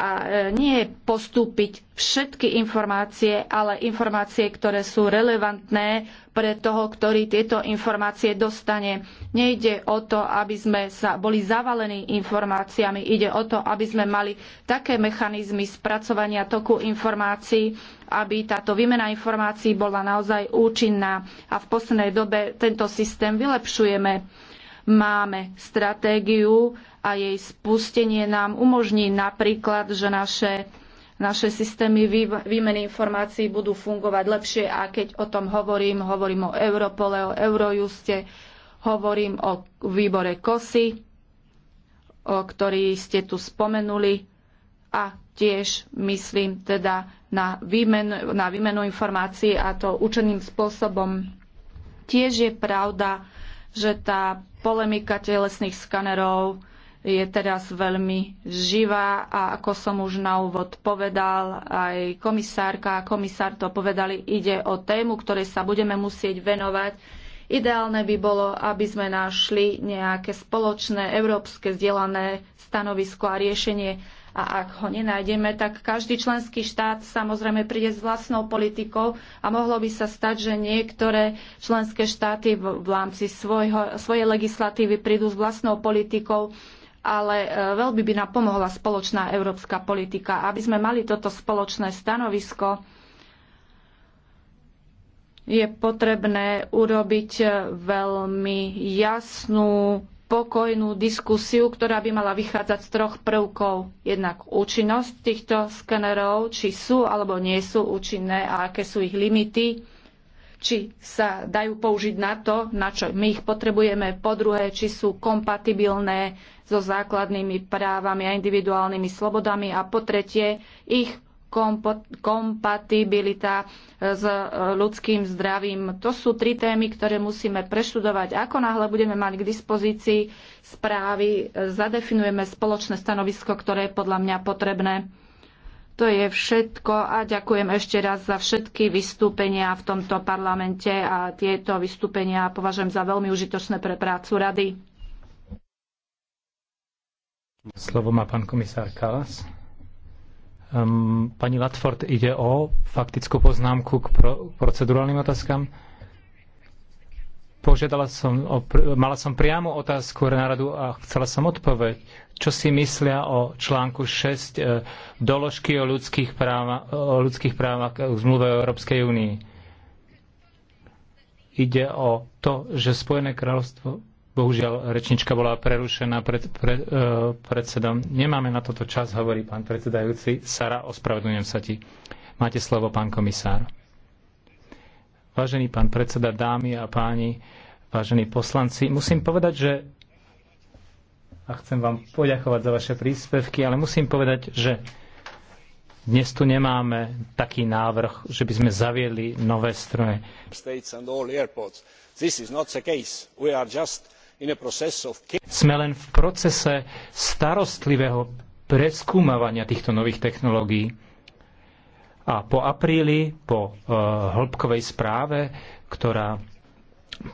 a e, nie postúpiť všetky informácie, ale informácie, ktoré sú relevantné pre toho, ktorý tieto informácie dostane. Nejde o to, aby sme sa boli zavalení informáciami, ide o to, aby sme mali také mechanizmy spracovania toku informácií, aby táto výmena informácií bola naozaj účinná. A v poslednej dobe tento systém vylepšujeme Máme stratégiu a jej spustenie nám umožní napríklad, že naše, naše systémy výmeny informácií budú fungovať lepšie a keď o tom hovorím, hovorím o Europole, o Eurojuste, hovorím o výbore KOSY, o ktorý ste tu spomenuli a tiež myslím teda na výmenu, na výmenu informácií a to učeným spôsobom. Tiež je pravda, že tá polemika telesných skanerov je teraz veľmi živá a ako som už na úvod povedal, aj komisárka a komisár to povedali, ide o tému, ktorej sa budeme musieť venovať. Ideálne by bolo, aby sme našli nejaké spoločné európske zdieľané stanovisko a riešenie a ak ho nenájdeme, tak každý členský štát samozrejme príde s vlastnou politikou a mohlo by sa stať, že niektoré členské štáty v, rámci svojho, svojej legislatívy prídu s vlastnou politikou, ale e, veľmi by nám pomohla spoločná európska politika, aby sme mali toto spoločné stanovisko je potrebné urobiť e, veľmi jasnú pokojnú diskusiu, ktorá by mala vychádzať z troch prvkov. Jednak účinnosť týchto skenerov, či sú alebo nie sú účinné a aké sú ich limity, či sa dajú použiť na to, na čo my ich potrebujeme, po druhé, či sú kompatibilné so základnými právami a individuálnymi slobodami a po tretie, ich kompatibilita e, s e, ľudským zdravím. To sú tri témy, ktoré musíme preštudovať. Ako náhle budeme mať k dispozícii správy, e, zadefinujeme spoločné stanovisko, ktoré je podľa mňa potrebné. To je všetko a ďakujem ešte raz za všetky vystúpenia v tomto parlamente a tieto vystúpenia považujem za veľmi užitočné pre prácu rady. Slovo má pán komisár Kalas. Um, pani Latford, ide o faktickú poznámku k pro, procedurálnym otázkam. Požiadala som, o, mala som priamu otázku na radu a chcela som odpoveď. Čo si myslia o článku 6 e, doložky o ľudských, práva, o ľudských právach v zmluve o Európskej únii? Ide o to, že Spojené kráľovstvo Bohužiaľ, rečnička bola prerušená pred, pred, e, predsedom. Nemáme na toto čas, hovorí pán predsedajúci. Sara, ospravedlňujem sa ti. Máte slovo, pán komisár. Vážený pán predseda, dámy a páni, vážení poslanci, musím povedať, že a chcem vám poďakovať za vaše príspevky, ale musím povedať, že dnes tu nemáme taký návrh, že by sme zaviedli nové stroje. Sme len v procese starostlivého preskúmavania týchto nových technológií. A po apríli, po e, hĺbkovej správe, ktorá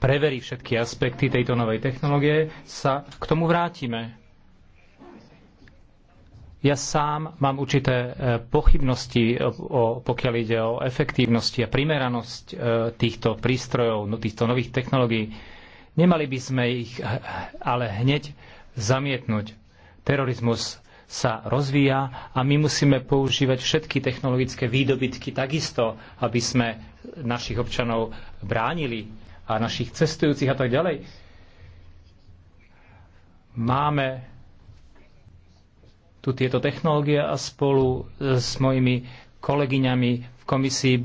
preverí všetky aspekty tejto novej technológie, sa k tomu vrátime. Ja sám mám určité e, pochybnosti, e, o, pokiaľ ide o efektívnosť a primeranosť týchto prístrojov, no, týchto nových technológií Nemali by sme ich ale hneď zamietnúť. Terorizmus sa rozvíja a my musíme používať všetky technologické výdobytky takisto, aby sme našich občanov bránili a našich cestujúcich a tak ďalej. Máme tu tieto technológie a spolu s mojimi kolegyňami v komisii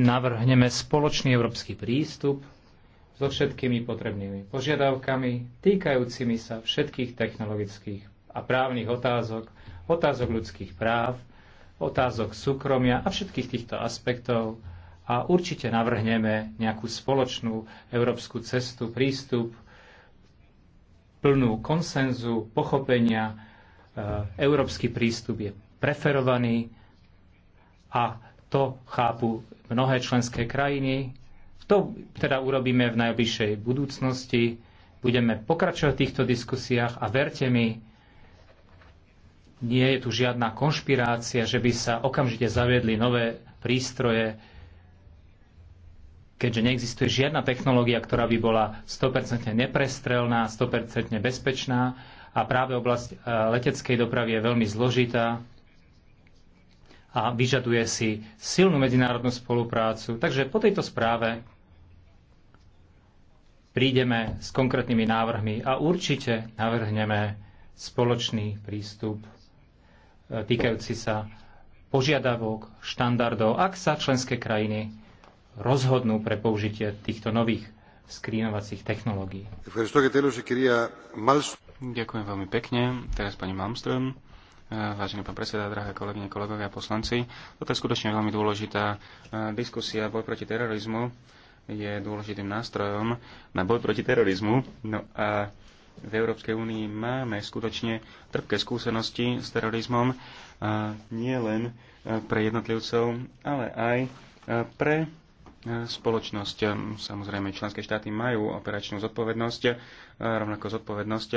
navrhneme spoločný európsky prístup so všetkými potrebnými požiadavkami týkajúcimi sa všetkých technologických a právnych otázok, otázok ľudských práv, otázok súkromia a všetkých týchto aspektov a určite navrhneme nejakú spoločnú európsku cestu, prístup plnú konsenzu, pochopenia. E, európsky prístup je preferovaný a to chápu mnohé členské krajiny, to teda urobíme v najbližšej budúcnosti. Budeme pokračovať v týchto diskusiách a verte mi, nie je tu žiadna konšpirácia, že by sa okamžite zaviedli nové prístroje, keďže neexistuje žiadna technológia, ktorá by bola 100% neprestrelná, 100% bezpečná a práve oblasť e, leteckej dopravy je veľmi zložitá a vyžaduje si silnú medzinárodnú spoluprácu. Takže po tejto správe prídeme s konkrétnymi návrhmi a určite navrhneme spoločný prístup e, týkajúci sa požiadavok, štandardov, ak sa členské krajiny rozhodnú pre použitie týchto nových skrínovacích technológií. Ďakujem veľmi pekne. Teraz pani Malmström. E, vážený pán predseda, drahé kolegyne, kolegovia, poslanci. Toto je skutočne veľmi dôležitá e, diskusia, boj proti terorizmu je dôležitým nástrojom na boj proti terorizmu. No a v Európskej únii máme skutočne trpké skúsenosti s terorizmom nie len e, pre jednotlivcov, ale aj e, pre e, spoločnosť. Samozrejme, členské štáty majú operačnú zodpovednosť E, rovnako zodpovednosť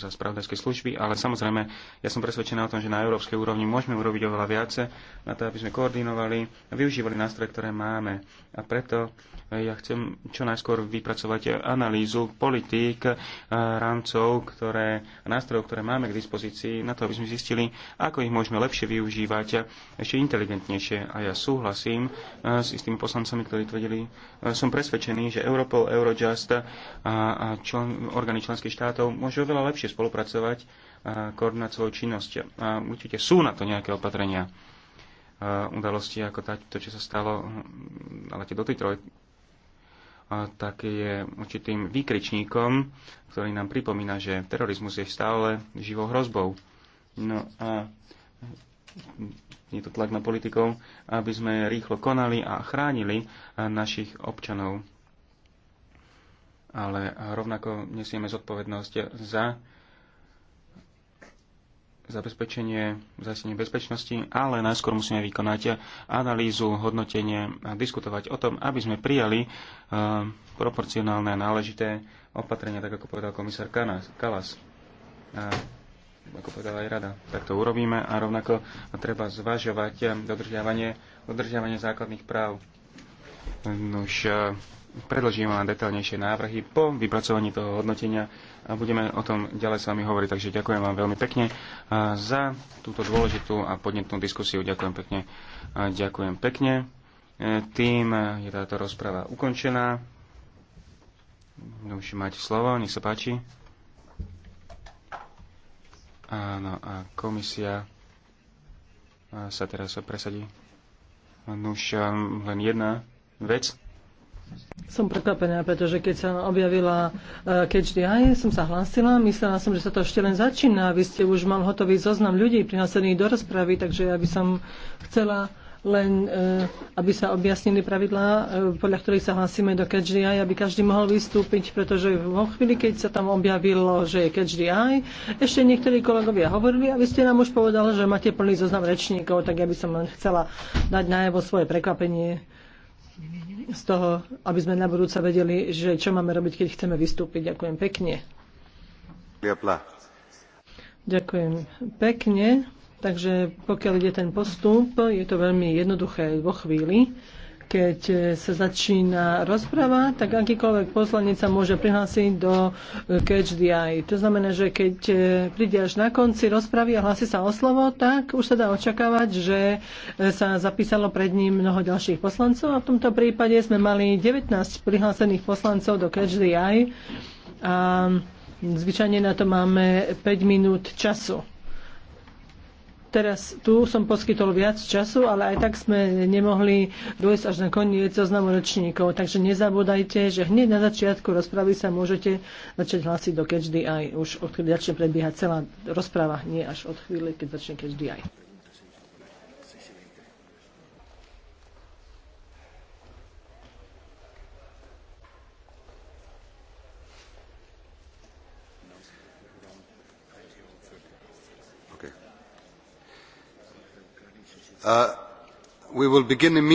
za spravodajské služby, ale samozrejme ja som presvedčená o tom, že na európskej úrovni môžeme urobiť oveľa viace na to, aby sme koordinovali a využívali nástroje, ktoré máme. A preto e, ja chcem čo najskôr vypracovať analýzu politík, e, rámcov, ktoré, nástrojov, ktoré máme k dispozícii na to, aby sme zistili, ako ich môžeme lepšie využívať a ešte inteligentnejšie. A ja súhlasím s istými poslancami, ktorí tvrdili, som presvedčený, že Europol, Eurojust a, a člen, orgány členských štátov môžu oveľa lepšie spolupracovať a koordinovať svoju činnosť. A určite sú na to nejaké opatrenia udalosti ako tá, to, čo sa stalo na lete do tej troj, tak je určitým výkričníkom, ktorý nám pripomína, že terorizmus je stále živou hrozbou. No a je to tlak na politikov, aby sme rýchlo konali a chránili našich občanov ale rovnako nesieme zodpovednosť za zabezpečenie, zásenie bezpečnosti, ale najskôr musíme vykonať analýzu, hodnotenie a diskutovať o tom, aby sme prijali e, proporcionálne a náležité opatrenia, tak ako povedal komisár Kalas. A ako povedala aj rada, tak to urobíme a rovnako treba zvažovať dodržiavanie, dodržiavanie základných práv. Nož, e, predložím vám detailnejšie návrhy po vypracovaní toho hodnotenia a budeme o tom ďalej s vami hovoriť. Takže ďakujem vám veľmi pekne za túto dôležitú a podnetnú diskusiu. Ďakujem pekne. Ďakujem pekne. E, tým je táto rozprava ukončená. Už máte slovo, nech sa páči. Áno, a komisia sa teraz presadí. Už len jedna vec som prekvapená, pretože keď sa objavila uh, eh, KHDI, som sa hlásila. Myslela som, že sa to ešte len začína. Vy ste už mal hotový zoznam ľudí prihlásených do rozpravy, takže ja by som chcela len eh, aby sa objasnili pravidlá, eh, podľa ktorých sa hlásime do CatchDI, aby každý mohol vystúpiť, pretože vo chvíli, keď sa tam objavilo, že je CatchDI, ešte niektorí kolegovia hovorili a vy ste nám už povedali, že máte plný zoznam rečníkov, tak ja by som len chcela dať najevo svoje prekvapenie z toho, aby sme na budúce vedeli, že čo máme robiť, keď chceme vystúpiť. Ďakujem pekne. Ďakujem pekne. Takže pokiaľ ide ten postup, je to veľmi jednoduché vo chvíli keď e, sa začína rozprava, tak akýkoľvek poslanec sa môže prihlásiť do e, Catch the Eye. To znamená, že keď e, príde až na konci rozpravy a hlási sa o slovo, tak už sa dá očakávať, že sa zapísalo pred ním mnoho ďalších poslancov a v tomto prípade sme mali 19 prihlásených poslancov do Catch the Eye a zvyčajne na to máme 5 minút času. Teraz tu som poskytol viac času, ale aj tak sme nemohli dôjsť až na koniec zoznamu ročníkov. Takže nezabúdajte, že hneď na začiatku rozpravy sa môžete začať hlásiť do Catch aj. Už od chvíli začne prebiehať celá rozpráva, nie až od chvíli, keď začne Catch aj. Uh, we will begin immediately.